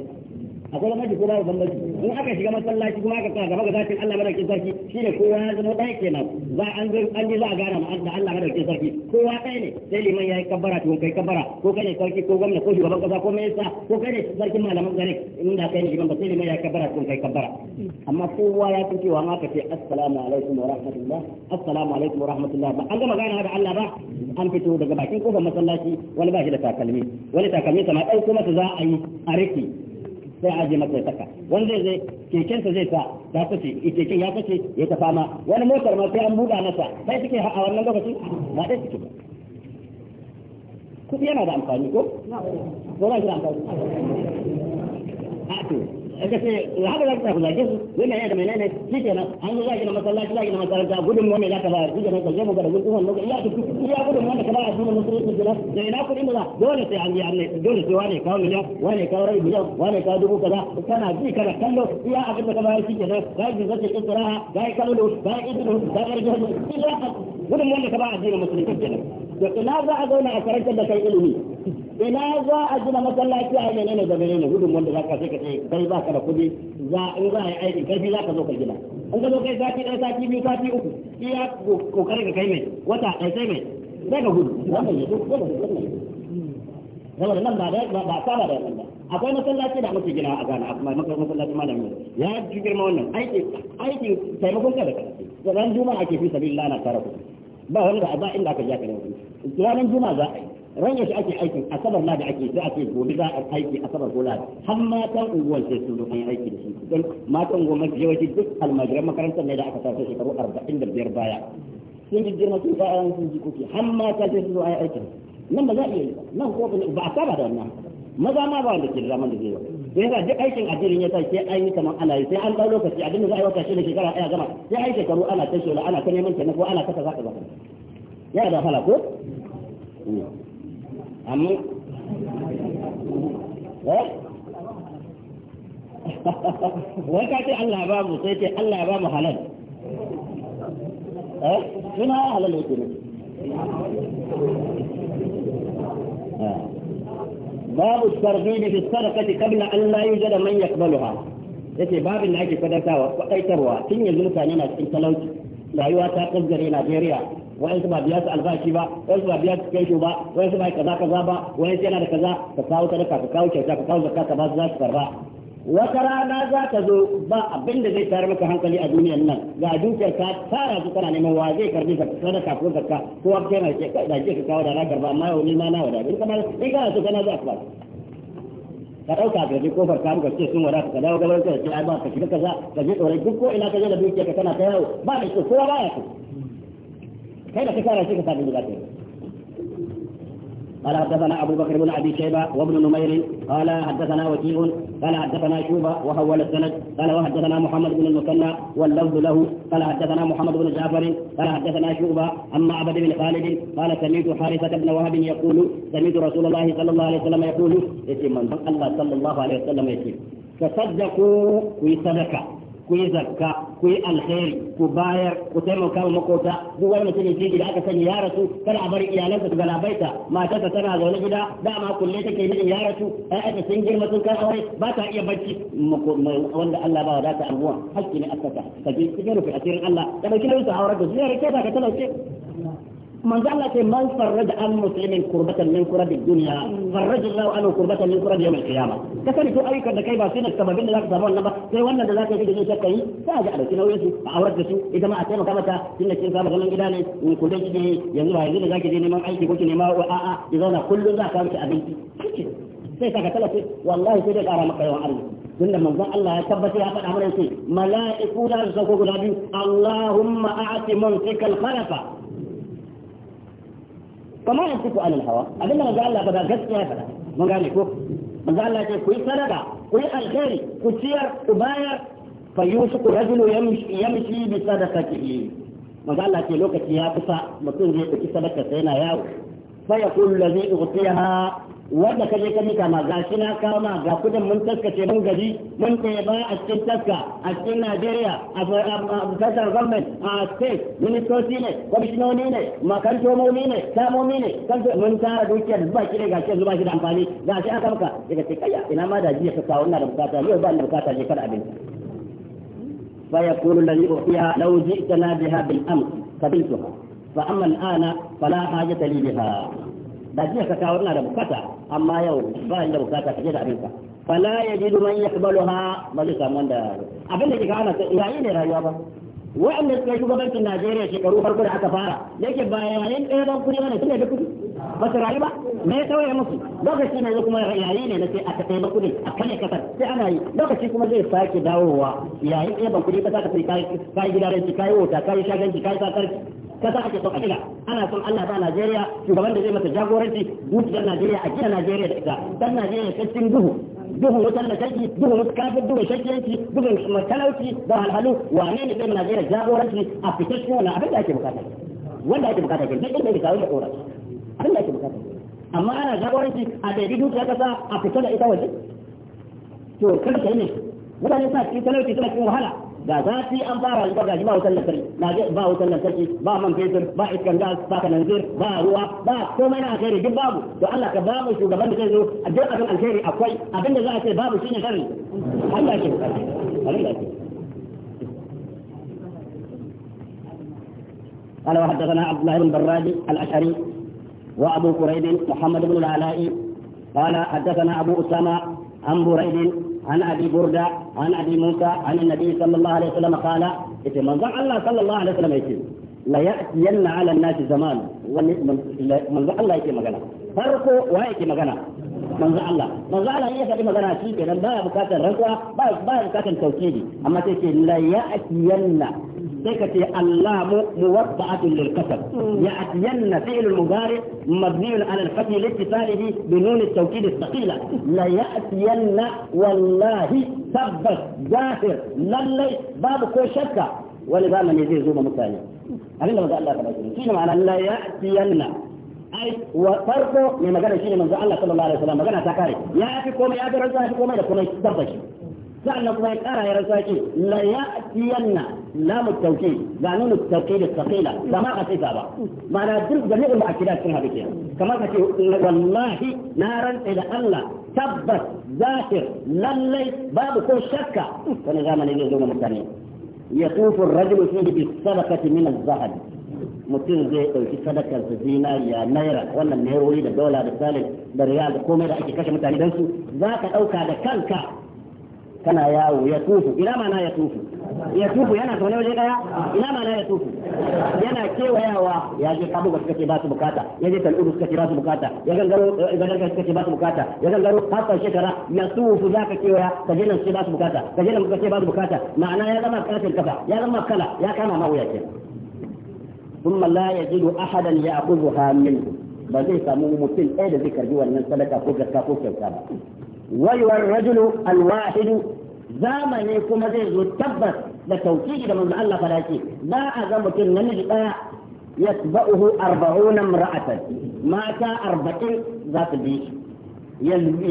babu bambanci in aka shiga masallaci kuma aka ga Allah sarki kowa ya zama ɗaya kenan za an zo an a gana sarki kowa kai ne sai liman yayi kabbara to kai kabbara ko kai ne sarki ko gwamna ko shugaban kasa ko mai ko kai ne sarki malaman gare inda kai ne liman ba sai liman yayi kabbara to kai kabbara amma kowa ya fi wa maka ce assalamu alaikum wa rahmatullah assalamu alaikum wa rahmatullah ba an gama gane da Allah ba an fito daga bakin kofar masallaci wani ba shi da takalmi wani takalmi sama ɗauko masa za a yi a rike sai aje je saka wanda zai zai keken sa zai sa ta kace i keken ya kace ya ta fama wani motar ma sai an buga masa sai suke a wannan lokacin ba dai kike ba kuɗi yana da amfani ko na'am ko ba shi da amfani a to وهذا لا تاخذ جزء ولا يا جماعه انا نجي انا انا لا جماعه مثلا لا جماعه مثلا دا غدم وانا لا كبار نجي مثلا جماعه بقول هو لو يا يا غدم وانا كبار من المصريين مثلا يعني ناكل انه دولة يعني يعني دولة وانا كاو مليون وانا كاو ربع مليون وانا كاو دبو كذا كان دي كذا كله يا اكل كبار في كذا جاي جزء القراءه جاي كله جاي ابنه جاي رجله غدم وانا كبار دين المصريين كذا لكن لا بعد انا اكرت ده شيء ina za a gina masallaci a menene da menene gudun wanda za ka sai ka sai kai ba ka da kudi za in za a yi aikin kai za ka zo ka gina in ka zo kai sati ɗaya sati biyu sati uku iya kokarin ka kai mai wata ɗaya sai mai zai ka gudu wannan ya zo saboda nan ba da ba saba da wannan ba akwai masallaci da muke gina a gana Ghana makarar masallaci malamin ya ji girma wannan aikin aikin taimakon ka da kai ran juma'a ke fi sabilillah na tara ku ba wani da ba inda aka ji aka ne ranar juma'a za a yi ranya shi ake aikin asabar ma da ake sai ake gobe za a aiki asabar ko lada har matan unguwar sai sun zo an aiki da shi don matan unguwar mafi yawanci duk almajiran makarantar ne da aka tafi shekaru arba'in da biyar baya sun ji girma sun ba an sun ji kuke har mata sai sun zo an aikin nan ba za a iya yi nan ko ba a saba da wannan maza ma ba wanda ke da zaman da zai yi ba duk aikin addinin ya sa sai an yi kamar ana yi sai an ɗau lokaci a da za a yi wata shi da shekara ɗaya gama sai yi shekaru ana ta shola ana ta neman kenan ko ana ta ka kaza yana da hala ko mm. amma eh? wai ka ce Allah ba mu sai ce Allah ba mu halal eh suna halal yake ne eh. babu da fi sadaqati qabla an la manyan man yaqbaluha yace babin da ake fadartawa kwadaitarwa tun yanzu mutane na cikin talauci rayuwa ta ƙasgare Najeriya wai ba biya su albashi ba wai ba biya su kai ba wai ba kaza kaza ba wai yana da kaza ka kawo ta ka kawo kyauta ka kawo zakka ka ba su za su karba wata rana za ka zo ba abin da zai tare maka hankali a duniyar nan ga dukiyar ka tara su kana neman wa zai karbi sadaka ko zakka ko wa kai mai da ke ka kawo da na karba amma yau ni ma na wada in kana in kana so kana za ka ba ka ɗauka ka je kofar ka muka ce sun wada ka dawo gaban ka ce ai ba ka shiga kaza ka je tsoron duk ko ina ka je da dukiya ka kana ta yau ba da ko kowa ya ka كيف في كتاب ابن كثير؟ قال حدثنا ابو بكر بن ابي شيبه وابن نمير قال حدثنا وكيع قال حدثنا شوبه وحول السند قال وحدثنا محمد بن المثنى واللفظ له قال حدثنا محمد بن جعفر قال حدثنا شوبه اما عبد بن خالد قال سمعت حارثه بن وهب يقول سمعت رسول الله صلى الله عليه وسلم يقول يتيم من الله صلى الله عليه وسلم يتيم تصدقوا وصدقه ku yi zakka ku yi alheri ku bayar ku taimaka wa makota duk wani mutum ne da aka sani ya rasu kada a bar iyalansa su galabaita matarsa tana zaune gida dama kulle take mijin ya rasu ai sun girma sun kai aure ba ta iya bacci wanda Allah ba wadata anguwa hakki ne a saka kaje cikin rufe asirin Allah da dauki nauyin su aurar da su ya rike ba ka talauce من قال لك من فرج عن مسلم كربة من كرب الدنيا فرج الله عنه كربة من كرب يوم القيامة كسر تو أي كذا كيف أصير كما إن ذاك زمان نبى في وانا ذاك في جنس كي ساجع له كنا ويسو عورت سو إذا ما أتينا كم تا سنة سنة كم كمان كده نه من كل شيء جي ينزل هاي ذاك جي نما أي كي كوش نما وآ آ إذا أنا كل ذاك كم تأبين sai ka kala والله wallahi sai dai يوم أرض yawan arziki tun الله manzon يا ya tabbata ya faɗa mana yace mala'iku da su ko guda kama ya fi kuwa hawa abinda maza Allah ba da gaskiya ba mun gane ko maza Allah ce ku yi sadaka ku yi alkhairi ku ciyar ku bayar fa yusu ku rajulu yamshi bi sadaka ki maza Allah ce lokaci ya kusa mutum zai fi sadaka sai na yawo fayakul ladhi أعطيها wanda ka je ka mika ma ga shi na kama, ga kudin mun taskace mun gari mun kai ba a cikin taska a cikin Najeriya a federal government a state ministry ne kwamishinoni ne makantomomi ne samomi ne mun tara dukiyar zuba shi ne ga shi zuba shi da amfani ga shi aka maka daga ce kaya ina ma da jiya ka kawo ina da bukata yau ba ni da bukata je kada abin fa yaqulu alladhi utiya law ji'tana biha bil amr qabiltuha fa amma ana fala hajata li biha da jiya ka kawo na da bukata amma yau ba inda bukata kaje da abinka fala yajidu man yaqbaluha ba zai samu wanda abin da ke kawo na yayi ne rayuwa ba wa'anda suka yi shugabancin Najeriya shekaru farko da aka fara yake bayan wani ɗaya ba kuɗi wani tun da duk ba ta rayu ba me ya musu lokaci ne kuma yayi ne na sai aka tsaye ba kuɗi a ne kasar sai ana yi doka shi kuma zai sake dawowa yayin ɗaya ba kuɗi ba za ka tsaye kayi gidaren ki kayi wuta kayi shaganki kayi karki. kasa ake son a gina ana son Allah ba Najeriya shugaban da zai mata jagoranci dukiyar Najeriya a gina Najeriya da ita dan Najeriya ta cikin duhu duhun wutar lantarki duhun wasu kafin duhun shakiyanci duhun talauci da halhalu wane ne zai Najeriya jagoranci a fitar shi wannan abin da ake bukata wanda ake bukata ke duk inda ke kawo da tsoron abin da ake bukata amma ana jagoranci a daidai dukiyar kasa a fitar da ita waje to kada ka yi ne mutane suna cikin talauci suna cikin wahala da zafi an fara zuba gaji ba wutar lantarki na ba wutar lantarki ba man fetur ba iskan gas ba kananzir ba ruwa ba komai na alheri duk babu to Allah ka babu shugaban da zai zo a duk abin alheri akwai abin da za a ce babu shine sharri Allah ke Allah ke قال وحدثنا عبد الله بن براد الاشعري وابو كريب محمد بن العلاء قال حدثنا ابو اسامه عن بريد عن ابي بردة عن ابي موسى عن النبي صلى الله عليه وسلم قال إذا من ظن الله صلى الله عليه وسلم يكيد لا يأتين على الناس زمان من ظن الله يكيد مغانا فرقوا وهيك مغانا من ظن الله من ظن الله يكيد مغانا شيء كذا باب كاتن رقوة باب كاتن توكيدي أما تكيد لا يأتين تكتي اللام موضعة للكسر يأتين فعل المضارع مبني على الفتح لاتصاله بنون التوكيد الثقيلة لا يأتين والله ثبت جاهر للي باب كل شكة ولذلك من يزيد زوم مكاني أبين لما قال الله تبارك وتعالى شنو معنى لا يأتين أي وترقو لما قال شنو من قال الله صلى الله عليه وسلم قال تكاري يا أخي كوم يا أخي رجع يا أخي كوم يا أخي كوم يا أخي سألنا كما يقرأ يا رسولك لا يأتين لام التوكيد قانون التوكيد الثقيلة فما خفيفة بقى ما أنا أدرك جميع المؤكدات كلها بك كما قلت والله نارا إلى الله تبت ذاكر للي باب كل شك ونظاما يجدون مكانين يطوف الرجل فيه بالصدقة من الذهب mutum zai ɗauki sadakar su zinariya naira wannan nerori da dola da salis da riyal da komai da ake kashe mutane don su za ka ɗauka da kanka كان ياو يطوف الى ما لا يطوف يطوف يانا تولي ولي يا الى ما لا يطوف يانا كيو ياوا ياجي كابو بس كتي باتو بكاتا ياجي تل اوروس كتي باتو بكاتا يا غرو يجن غرو كتي باتو بكاتا يجن غرو حتى شكرا يطوف ذاك كيو يا تجينا كتي باتو بكاتا تجينا كتي باتو بكاتا معنا يا لما كاتل كفا يا لما كلا يا يا يا يا يا يا يا يا يا يا يا يا يا كما ما ويا كيو ثم لا يجد احدا ياخذها منه يا سامو متين ايه ذكر جوا لنسبتها فوق الكافوك الكافوك ويوى الرجل الواحد زامني كما زي يتبت لتوكيد لما الله فلا شيء لا أزم كن يتبعه أربعون امرأة مات أربعين ذات بيش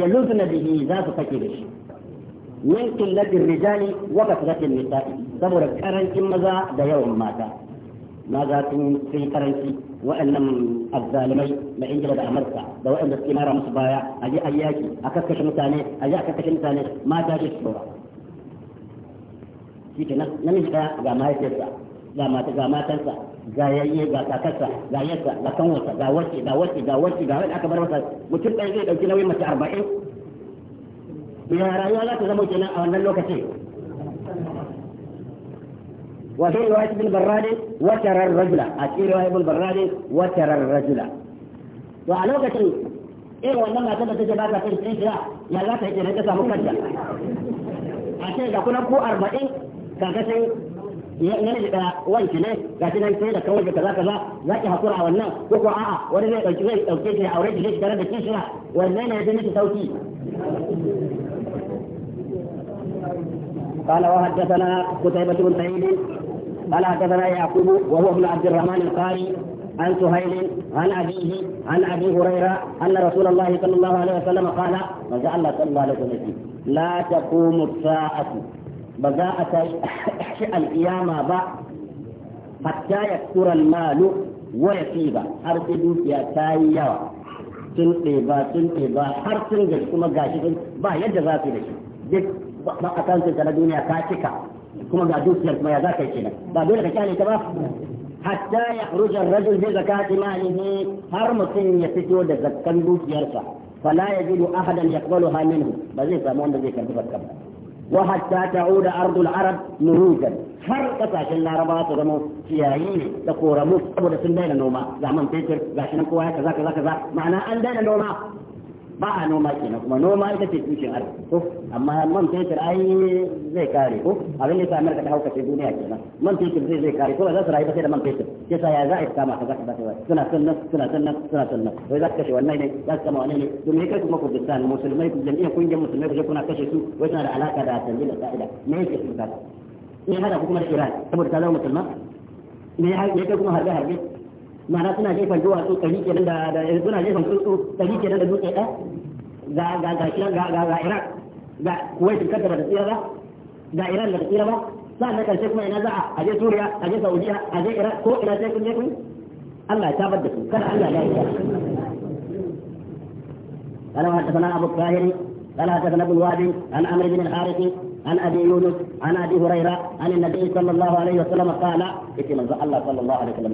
يلوذن به ذات فكرش من قلة الرجال وكثرة النساء دبر كرنك مزا ده يوم مات ماذا تنسي كرنك wa'annan azzalimai na ingila da amurka da wa'anda suke mara musu baya a je a yaki a kakkashe mutane a je a kakkashe mutane mata ke tsora shi ke nan namiji ɗaya ga mahaifiyarsa ga mata ga matansa ga yayye ga kakarsa ga yarsa ga kanwarsa ga wace ga wace ga wace ga wanda aka bar masa mutum ɗaya zai ɗauki nauyin mace arba'in ya rayuwa za ta zama kenan a wannan lokacin وفي رواية ابن براد وترى الرجل أتي رواية ابن براد وترى الرجل وعلوك شيء إيه وانا ما تبقى تجبات في الشيخ لا يلا تجبه تسا مكجا أتي لكنا كو أربعين كاكسي يأني وانت ليه كاكسي نانت ليه كوي بكذا كذا لكي هكور عوالنا وكو عاء وانا ليه أوكيك لأوريك ليش كرد الشيخ لا وانا ليه نتي توتي قال وحدثنا قتيبة بن سعيد قال حدثنا يعقوب وهو ابن عبد الرحمن القاري عن سهيل عن أبيه عن أبي هريرة أن رسول الله صلى الله عليه وسلم قال وجعل الله صلى الله عليه وسلم لا تقوم الساعة بزاءة القيامة حتى يكثر المال ويصيب حرث يا تايوا تنقيبا تنقيبا sun ɗeba har sun gaji kuma gashi ba yadda ba a kan tuntun duniya ta cika kuma ga dukiyar kuma ya za ka yi kenan ba dole ka kyale ta ba hatta ya ruja فلا يجد احدا يقبلها منه بزي فمون بزي كان تبقى وحتى تعود ارض العرب نروجا فرقة عشان لا ربا تغمو سياهين تقول رموك ابو دسن دينا نوما زعمان تيتر زعشنا كواه كذا كذا كذا معناه ان دينا نوما ba a noma kenan kuma noma ita ce tushen arziki ko amma man fetur ai zai kare ko abin da ya sa Amerika ta haukace duniya kenan man fetur zai zai kare ko ba za su rayu ba sai da man fetur ke sa ya za a kama ka za ka ba suna sannan suna sannan suna sannan wai za ka kashe wannan ne za ka kama wannan ne to me kai kuma ku Kurdistan musulmai ku jami'a kungiyar musulmai ku je kuna kashe su wai tana da alaka da da sa'ida me yake su ka ne hada kuma da Iran saboda ta zama musulma ne ya kai kuma harbe harbe ma'ana suna jefan duwatsu ɗari kenan da suna jefan tsuntsu ɗari kenan da dutse ɗaya ga ga ga ga ga ga Iraq ga Kuwait kadda ba da tsira ba ga Iran ba da tsira ba sa'an na karshe kuma ina za a aje Suriya aje Saudiya aje Iraq ko ina sai kun je kun Allah ya tabar da su kada Allah ya yi قال وحدثنا ابو الطاهر قال حدثنا ابو الواد عن عمرو بن الحارث عن ابي يونس عن ابي هريره عن النبي صلى الله عليه وسلم قال اتي من الله صلى الله عليه وسلم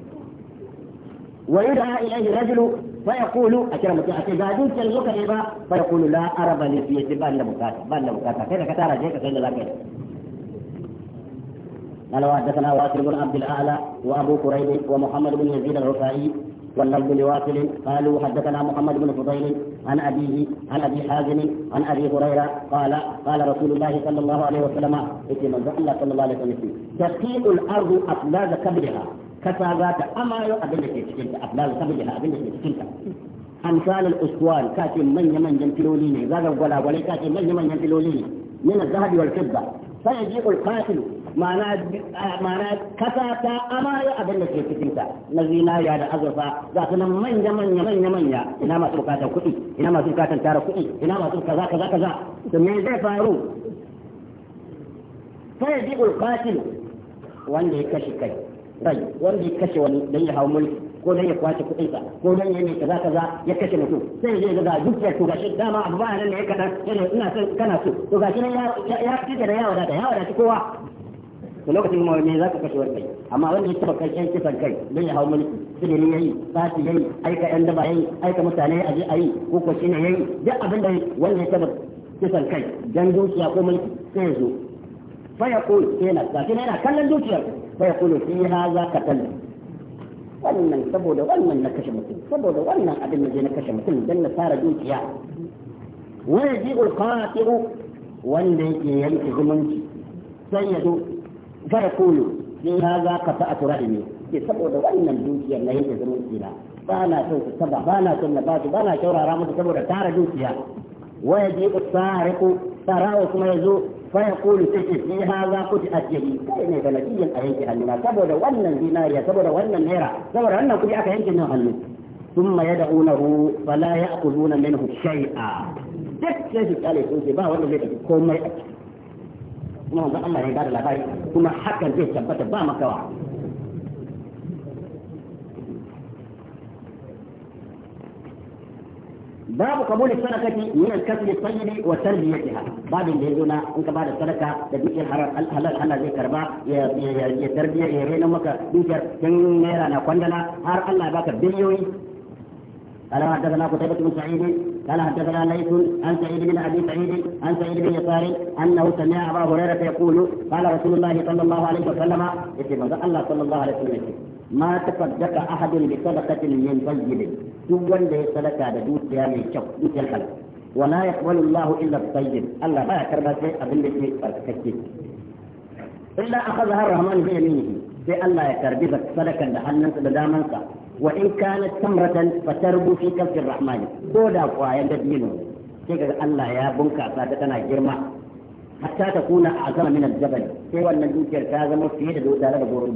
ويدعى إليه رجل فيقول أكرم أكي قاعدين تلوك الربا فيقول لا ارب لي في يتبان لبكاتا بان لبكاتا كيف كتارا جيكا كيف لبكاتا قال وحدثنا واصل بن عبد الأعلى وأبو كريم ومحمد بن يزيد الرفاعي واللفظ لواصل قالوا حدثنا محمد بن فضيل عن أبيه عن أبي حازم عن أبي هريرة قال قال رسول الله صلى الله عليه وسلم اتي من الله صلى الله عليه وسلم تسقيط الأرض أفلاذ كبرها kasa za ta amayo abin da ke cikinta aflalu saboda abin da ke cikinta amsal al-uswan kace manya manyan filoli ne zaga gwalagwale kace manya manyan filoli ne min az-zahabi wal fidda sai yaji al-qatil ma'ana ma'ana kasa ta amayo abin da ke cikinta na zinariya da azurfa za su nan manya manya manya manya ina masu bukatar kuɗi ina masu bukatar tara kuɗi ina masu kaza kaza kaza to me zai faru sai yaji al-qatil wanda ya kashe kai bai wanda ya kashe wani dan ya hau mulki ko dan ya kwace kuɗin sa ko dan ya ne kaza kaza ya kashe mutum sai zai ga dukiyar to gashi dama abu ba nan ne ya kada yana ina son kana so to gashi nan ya ya kike da ya wadata ya wadata kowa to lokacin kuma me za ka kashe wani kai amma wanda ya taba kai yan kisan kai dan ya hau mulki sigiri yayi sati yayi aika yan daba yayi aika mutane aje ayi ko ko shine yayi duk abin da wanda ya taba kisan kai dan dukiya ko mulki sai ya zo fa yaqul kenan lakin yana kallon dukiyar fa yaqulu fi hadha qatl wannan saboda wannan na kashe mutum saboda wannan abin da je na kashe mutum dan na fara dukiya wa yaji'ul qati'u wanda yake yanke zumunci sai ya zo ka yaqulu fi hadha qata'tu rahimi ke saboda wannan dukiyar na yanke zumunci na ba na son su saba ba na son na ba ba na kyaurara musu saboda tara dukiya wa yaji'ul sariqu sarawa kuma ya zo فيقول تجد في هذا قد أجري إن بلدي أهيك هنا تبر وأن الدينار تبر وأن النيرة تبر أن كل أك هنا هنا ثم يدعونه فلا يأخذون منه شيئا تكتب عليه سبحانه وتعالى وأن الله كم يأكل ما الله يدار لا باي كم حكم به سبته ما كواه باب قبول الصدقة من الكسب الطيب وتربيتها بعد اللي هنا انك بعد الصدقة تديك الحرام الحلال حلال زي كربا يا تربية يا رينا مكا دوكر تن نيرا كوندلا هر الله باك بليوي قال حدثنا قتيبة بن سعيد قال حدثنا ليث عن سعيد بن ابي سعيد عن سعيد بن يسار انه سمع ابا هريرة يقول قال رسول الله صلى الله عليه وسلم الله صلى الله عليه وسلم ما تصدق أحد بصدقة من طيب تون ده صدقة دوت يا من شوك دوت الحل ولا يقبل الله إلا الطيب الله لا يكرم شيء أبن بشيء إلا أخذها الرحمن بيمينه في الله بك صدقة لحنك لدامنك وإن كانت تمرة فتربو في كف الرحمن كودا قوايا منه كيف الله يا بنكا صادقنا جرما حتى تكون أعظم من الجبل سوى أن الدوت يركاز مفيد دوت هذا بورو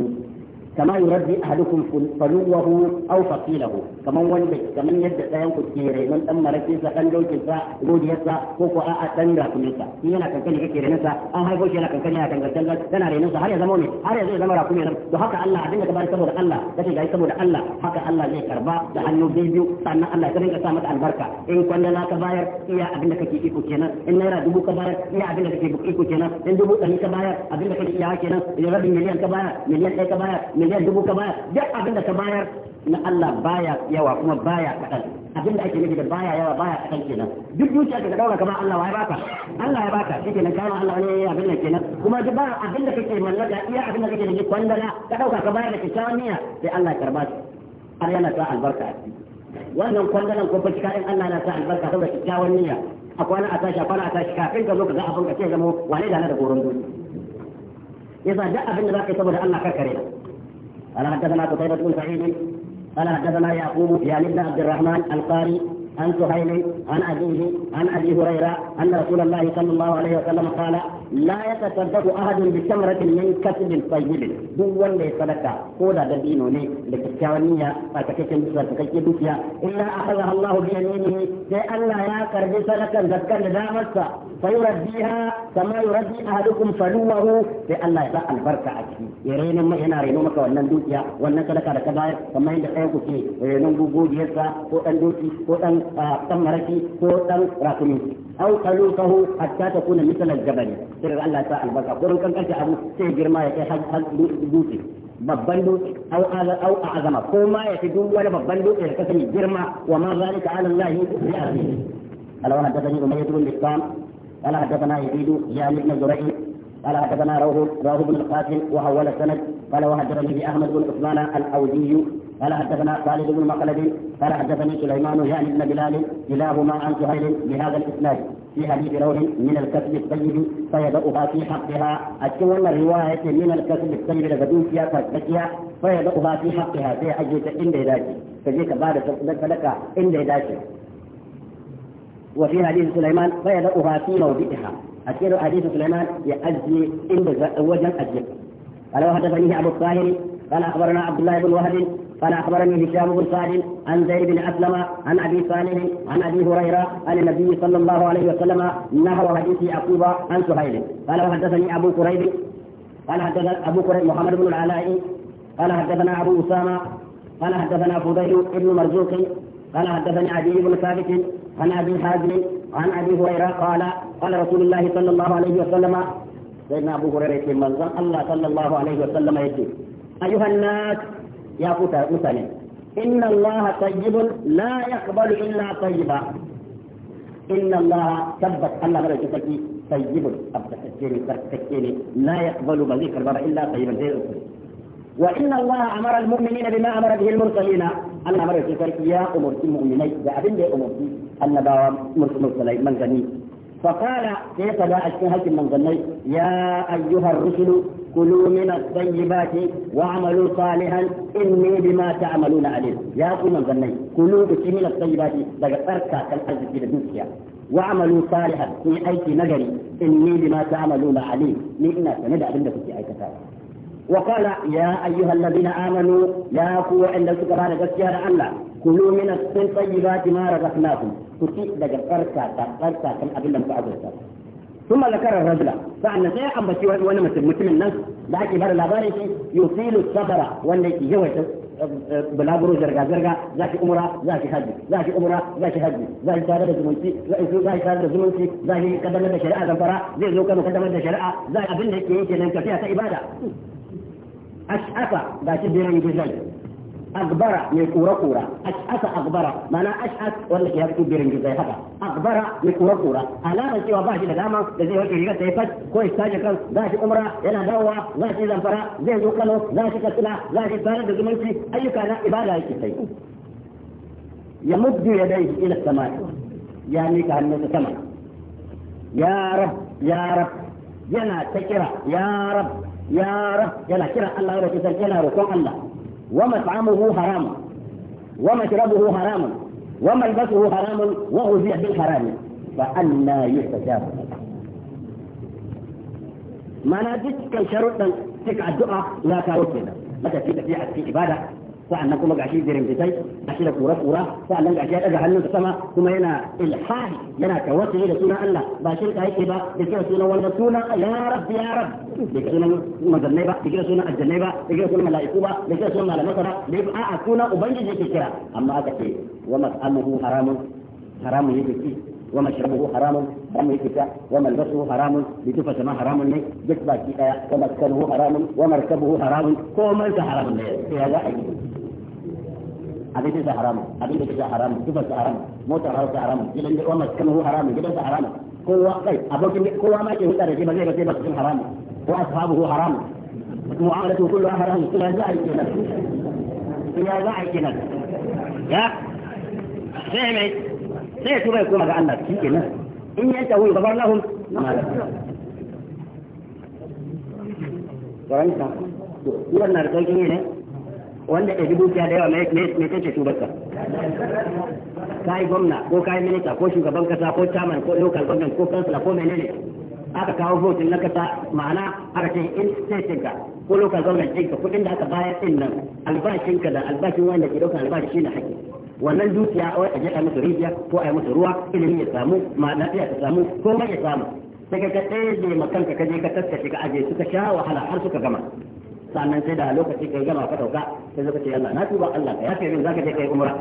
كما يربي أحدكم فلوه أو فقيله كما ولد كما يد سيان كتير من أما ركيسا كان لو كيسا قود يسا كوكو آآ تنرى كميسا ينا كان كان كتير نسا آه هاي بوشي ينا كان كان نسا كان كان كان هاري نسا هاري زموني هاري زي زمرا كمينا دو حكا الله عدنا كبار سبور الله كشي جاي سبور الله حكا الله زي كربا دعنو بيبيو سأنا الله كرين عن بركة إن كان لا كباير إيا أبنا كي إيكو كينا إن نيرا دبو كباير إيا أبنا كي إيكو كينا إن دبو تهي كباير أبنا كي إيا كينا إن ربي مليان كباير مليان إيه كباير miliyan dubu ka bayar duk abin da ka bayar na Allah baya yawa kuma baya kaɗan abin da ake nufi da baya yawa baya kaɗan kenan duk dukiya ka daura kamar Allah ya baka Allah ya baka shi kenan kana Allah ne abin nan kenan kuma duk ba abin da kake mallaka iya abin da kake da kwandala ka dauka ka bayar da kyakkyawan niyya sai Allah ya karba shi har yana sa albarka a ciki wannan kwandalan ko fakka in Allah na sa albarka saboda kyakkyawan niyya a kwana a tashi a kwana a tashi kafin ka zo ka ga abin ka ce zama wane da na da goron dole yasa duk abin da zaka yi saboda Allah karkare ka قال حدثنا قتيبة بن سعيد قال حدثنا يعقوب يعني ابن عبد الرحمن القاري عن سهيل عن أبيه عن أبي هريرة أن رسول الله صلى الله عليه وسلم قال لا يتصدق أحد بثمرة من كسب طيب دون لي صدقة قولا دبينو لي لكتاوانية فتكتن بسر تكتن إلا أخذها الله بيمينه لأن لا يكر بصدقة ذكر لدامسة فيرديها كما يردي أحدكم فلوه لأن ألا يضع البركة أكيد يرين ما هنا رينو مكا ونن دوكيا ونن صدقة لكبائر كما يند أيوكو كي رينو بوجو جيسا قولا دوكي قولا آه، تمركي قولا راكمي أو خلوته حتى تكون مثل الجبل سر الله تعالى البقاء قرن كان كان أبو سيجر ما يكي حد حد ببندو أو أو أعظم كوما يتدوم ولا ببندو يكتني جرما وما ذلك على الله بأخير ألا وحدثني أمية بن الإسلام ألا حدثنا يزيد يعني ابن زرعي ألا حدثنا روه روه بن القاسم وهو السند قال وحدثني أحمد بن عثمان الأودي قال حدثنا خالد بن مخلد قال حدثني سليمان يعني بن بلال كلاهما عن سهيل بهذا الاسناد في حديث روح من الكسب الطيب فيدعها في حقها أتولى الرواية من الكسب الطيب لغدوسيا فاتكيا فيدعها في حقها في أجلس إن ذاتي فجيك بعد فلك إن ذاتي وفي حديث سليمان فيدعها في موضعها أكيد حديث سليمان يأجي إن وجن أجل قال وحدثني أبو الطاهر قال أخبرنا عبد الله بن وهب قال اخبرني هشام بن سعد عن زيد بن اسلم عن ابي صالح عن ابي هريره عن النبي صلى الله عليه وسلم نهر حديث يعقوب عن سهيل قال وحدثني ابو كريب قال حدثنا ابو كريب محمد بن العلاء قال حدثنا ابو اسامه قال حدثنا فضيل بن مرزوق قال حدثني عدي بن ثابت عن ابي حازم عن ابي هريره قال قال رسول الله صلى الله عليه وسلم سيدنا ابو هريره من الله صلى الله عليه وسلم يقول ايها الناس يا كوتا مثلا إن الله طيب لا يقبل إلا طيبا إن الله ثبت الله ملك تكي طيب أبتكيني تكيني لا يقبل بذيك البر إلا طيبا زي وإن الله أمر المؤمنين بما أمر به المرسلين الله ملك تكي يا أمر المؤمنين يا أبن أمر النبوة مرسلين من جميل فقال كيف لا اجتهد من ظني يا ايها الرسل كلوا من الطيبات واعملوا صالحا اني بما تعملون عليم يا ايها من ظني كلوا من الطيبات لقد اركا كالارض في الدنيا واعملوا صالحا في أيدي نجري اني بما تعملون عليم لئنا سندع بندك في كتاب وقال يا ايها الذين امنوا يا قوة ان سكبان تسجير الله كلوا من الطيبات ما رزقناكم كتي دجا فرسا فرسا كان ابن لم تعبد ثم ذكر الرجل فان سي ام بتي وانا متمتم الناس بعد بار لا بار يصيل السفر وان يجوت بلا برو زرقا زرقا ذاك امرا ذاك حج ذاك امرا ذاك حج ذاك سادر زمنتي ذاك سادر زمنتي ذاك سادر زمنتي ذاك قدم لنا شريعه زنفرا ذي زوكا مقدم لنا شريعه ذاك ابن لك يجي لنك فيها عباده اشعفا ذاك بيرن جزيل أكبر من كورة كورة أشأت أكبر معنى أشأت ولا يا كبير جزاي هذا أكبر من كورة كورة ألا من وباش باش لداما لذي وجه جيغة تيفت كو استاجة كان باش أمرا يلا دوا باش زنفرا زي زوكالو باش كسلا باش سارة بزمنسي أي كان إبادة يكتسي يمد يديه إلى السماء يعني كأنه سمع يا رب يا رب يلا تكرا يا رب يا رب يلا كرا الله يرسل يلا روكو الله ومطعمه حرام ومشربه حرام وملبسه حرام وغذي بالحرام فأنا يستجاب معنى كان شرطا تك الدعاء لا كاروكينا متى في تبيعة في عبادة sa'annan kuma gashi birimbitai gashi da kura-kura sa'annan gashi ya daga hannun sama kuma yana ilhari yana tawassuli da sunan Allah ba shirka yake ba da kira sunan wanda sunan ya rabbi ya rab da kira sunan mazannai ba da kira sunan aljannai ba da kira sunan mala'iku ba da kira sunan malamai ba da a a sunan ubangiji yake kira amma aka ce wa mas'amuhu haramun haramun yake ci wa mashrabuhu haramun حرام يكتا وملبسه حرام لتفة سما حرام لي جسبا كتا ومسكنه حرام ومركبه حرام كوما حرام لي هذا abinci sa haramu abin da kake haramu kifar sa haramu motar hawa sa haramu gidan da wannan kan ruwa haramu gidan sa haramu kowa kai abokin kowa ma ke hudar da shi ba zai ga sai ba cikin haramu ko ashabuhu haramu mu'amalatu kullu haramu ila za'i kenan ila za'i kenan ya sai mai sai tuba ya koma ga Allah shi kenan in yanta hu gabarnahum ma la wannan da kai ne wanda ya ɗauki dukiya da yawa mai kace shubarsa ka yi gwamna ko ka yi minista ko shugaban kasa ko chairman ko local government ko kansila ko menene aka kawo votin na kasa ma'ana aka ce in state ka ko local government ɗin ka kuɗin da aka bayar din nan albashinka da albashin wanda ke ɗaukar albashi shi na haƙƙi wannan dukiya a wajen a musu rijiya ko a musu ruwa ilimi ya samu lafiya ta samu ko mai ya samu sai ka tsaye da makanka ka je ka tattace ka aje suka sha wahala har suka gama sannan sai da lokaci kai gama ka dauka sai zaka ce Allah na tuba Allah ka yafe min zaka je kai umra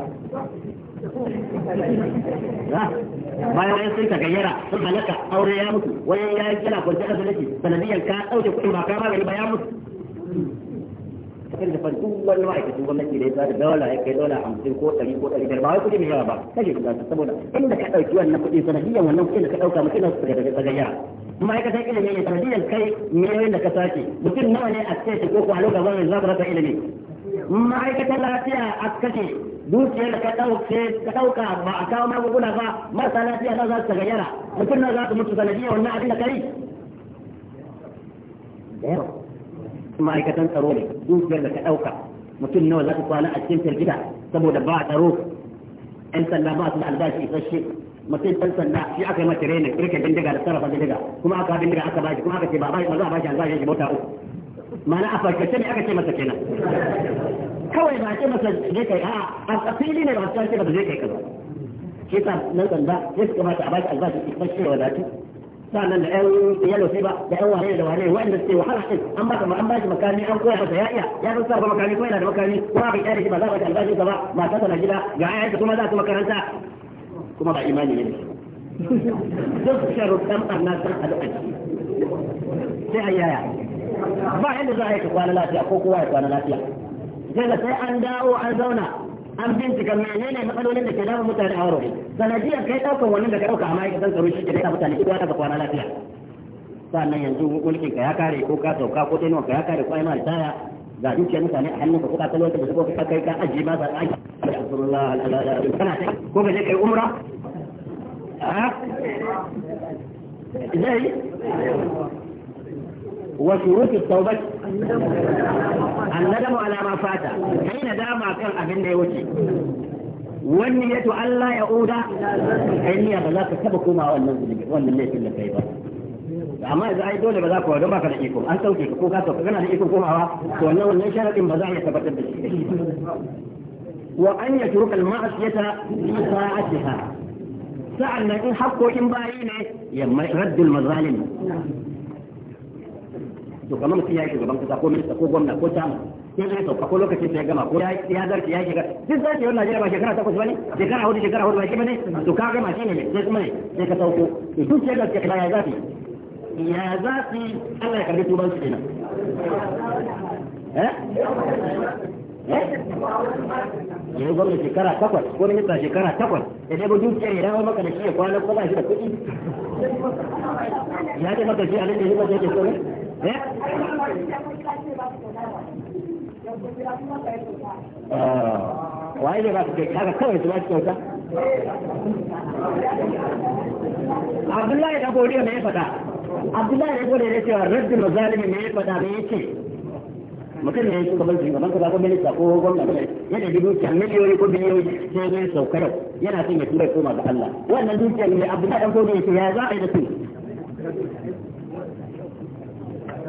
bayan wani sun ka gayyara sun halaka aure ya mutu wani ya yi kira kwanci asibiti sanadiyan ka ɗauke kuɗi ba ka magani ba ya mutu irin fa duk wani ma'aikacin gwamnati da ya tsara dala ya kai dala hamsin ko ɗari ko ɗari biyar ba wai kuɗi mai yawa ba kashe su gasu saboda inda ka ɗauki wannan kuɗi sanadiyyar wannan kuɗin da ka ɗauka mutum na su daga daga yara ma'aikatan ilimi ne sanadiyyar kai miliyoyin da ka sace mutum nawa ne a ce ko ko a lokacin gwamnati za ku rasa ilimi ma'aikatan lafiya a kashe dukiyar da ka ɗauke ka ɗauka ba a kawo magunguna ba marasa lafiya za su tagayyara mutum na za su mutu sanadiyar wannan abin da kai da yawa ma'aikatan tsaro ne dukiyar da ka ɗauka mutum nawa za ka kwana a cikin firgida saboda ba a tsaro ɗan sanda ba su da albashi isasshe mutum ɗan sanda shi aka yi mata rena rike bindiga da sarrafa bindiga kuma aka bindiga aka bashi kuma aka ce ba ba za a bashi albashi shi mota uku ma'ana a farkace ne aka ce masa kenan kawai ba a ce masa je kai a a fili ne ba a ce masa je kai ka ba shi sa nan sanda ya kamata a bashi albashi isasshe wadatu sannan da ɗan yalo sai ba da ɗan wane da wane wa'anda suke wahala ɗin an baka an bashi makami an koya masa ya iya ya san sarrafa makami ko yana da makami ko ba ka kyara shi ba za ka ci albashin ka ba mata tana gida ga ayyanka kuma za su makaranta kuma ba imani ne duk sharuɗan ɓarna sun haɗu a ciki sai a yaya ba yadda za a yi ka kwana lafiya ko kowa ya kwana lafiya sai sai an dawo an zauna an bincika ne matsalolin da ke damun mutane a warware sanadiyar kai daukan wannan da ka dauka amma ya san tsaro shi ke da mutane kowa daga kwana lafiya sannan yanzu mulkin ka ya kare ko ka sauka ko tenuwa ka ya kare ko ai ma taya ga dukiyar mutane a hannunka ko ka talwata da suka ka kai ka ajiye ma sa ai kana ko ka je kai umra zai وشروط التوبة الندم على ما فات حين دام كان أبن دي وشي وان يتو الله يؤودا اني لا تتبقوا مع والنزل وان الليس اللي كيبا أما إذا أي دولة بذاك وما كان يكون أنت وكيف كوكا تقول أنا يكون كوكا وأنا وأنا شارع إن بذاك يتبدل بشيء وأن يترك المعصية في ساعتها سألنا إن حقه إن باينه يما يرد المظالم shugaban mutum ya yi shugaban kasa ko minista ko gwamna ko chairman sai zai sauka ko lokacin sai ya gama ko ya zarce ya shiga duk zarce wannan Najeriya ba shekara takwas bane shekara hudu shekara hudu ba shi bane to ka gama shi ne sai kuma ne sai ka sauko to duk sai ga kira ya zafi ya zafi Allah ya karbi tuban su kenan eh ya yi gwamna shekara takwas ko minista shekara takwas da dai gudun tsere ya maka da shi ya kwana ko ba shi da kuɗi ya ce maka shi a nan da yi maka yake so ne waye ne ba su kai kaga kawai su ba su kyauta abdullahi da godiya ne ya faɗa abdullahi da godiya ne cewa raddin mazalimi ne faɗa ne ya ce mutum ne shugaban shugaban kaza ko minista ko gwamna ne yana da dukiya miliyoyi ko biliyoyi sai zai saukar yana son ya tura koma ga Allah wannan dukiyar ne abdullahi da godiya ya ce ya za a yi da su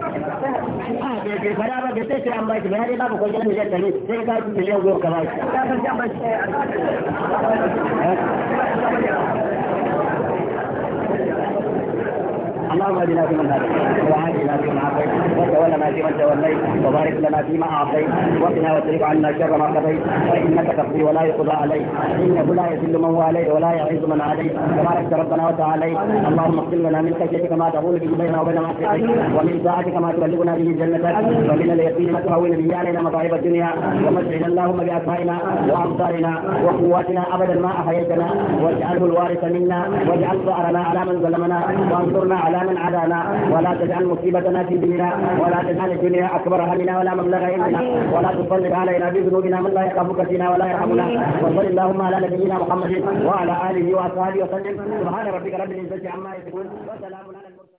a fara ba da sai sai an baki bayanai babu kwanci na miliyan ɗari sai ka su miliyan goma ka baki اللهم اهدنا فيمن هديت وعافنا فيمن عافيت وتولنا فيمن توليت وبارك لنا فيما اعطيت وقنا واصرف عنا شر ما قضيت فانك تقضي ولا يقضى عليك انه لا يذل من هو عليك ولا يعز من عليك تبارك ربنا وتعاليت اللهم اغفر لنا من خشيتك ما تقول به بيننا وبين معصيتك ومن طاعتك ما تبلغنا به جنتك ومن اليقين ما تهون به علينا مصائب الدنيا ومتعنا اللهم باسمائنا وابصارنا وقواتنا ابدا ما احييتنا واجعله الوارث منا واجعل ثارنا على من ظلمنا وانصرنا على من عادانا ولا تجعل مصيبتنا في ديننا ولا تجعل الدنيا اكبر همنا ولا مبلغ علمنا ولا تسلط علينا بذنوبنا من لا يخافك فينا ولا يرحمنا وصل اللهم على نبينا محمد وعلى اله واصحابه وسلم سبحان ربك رب العزه عما يصفون وسلام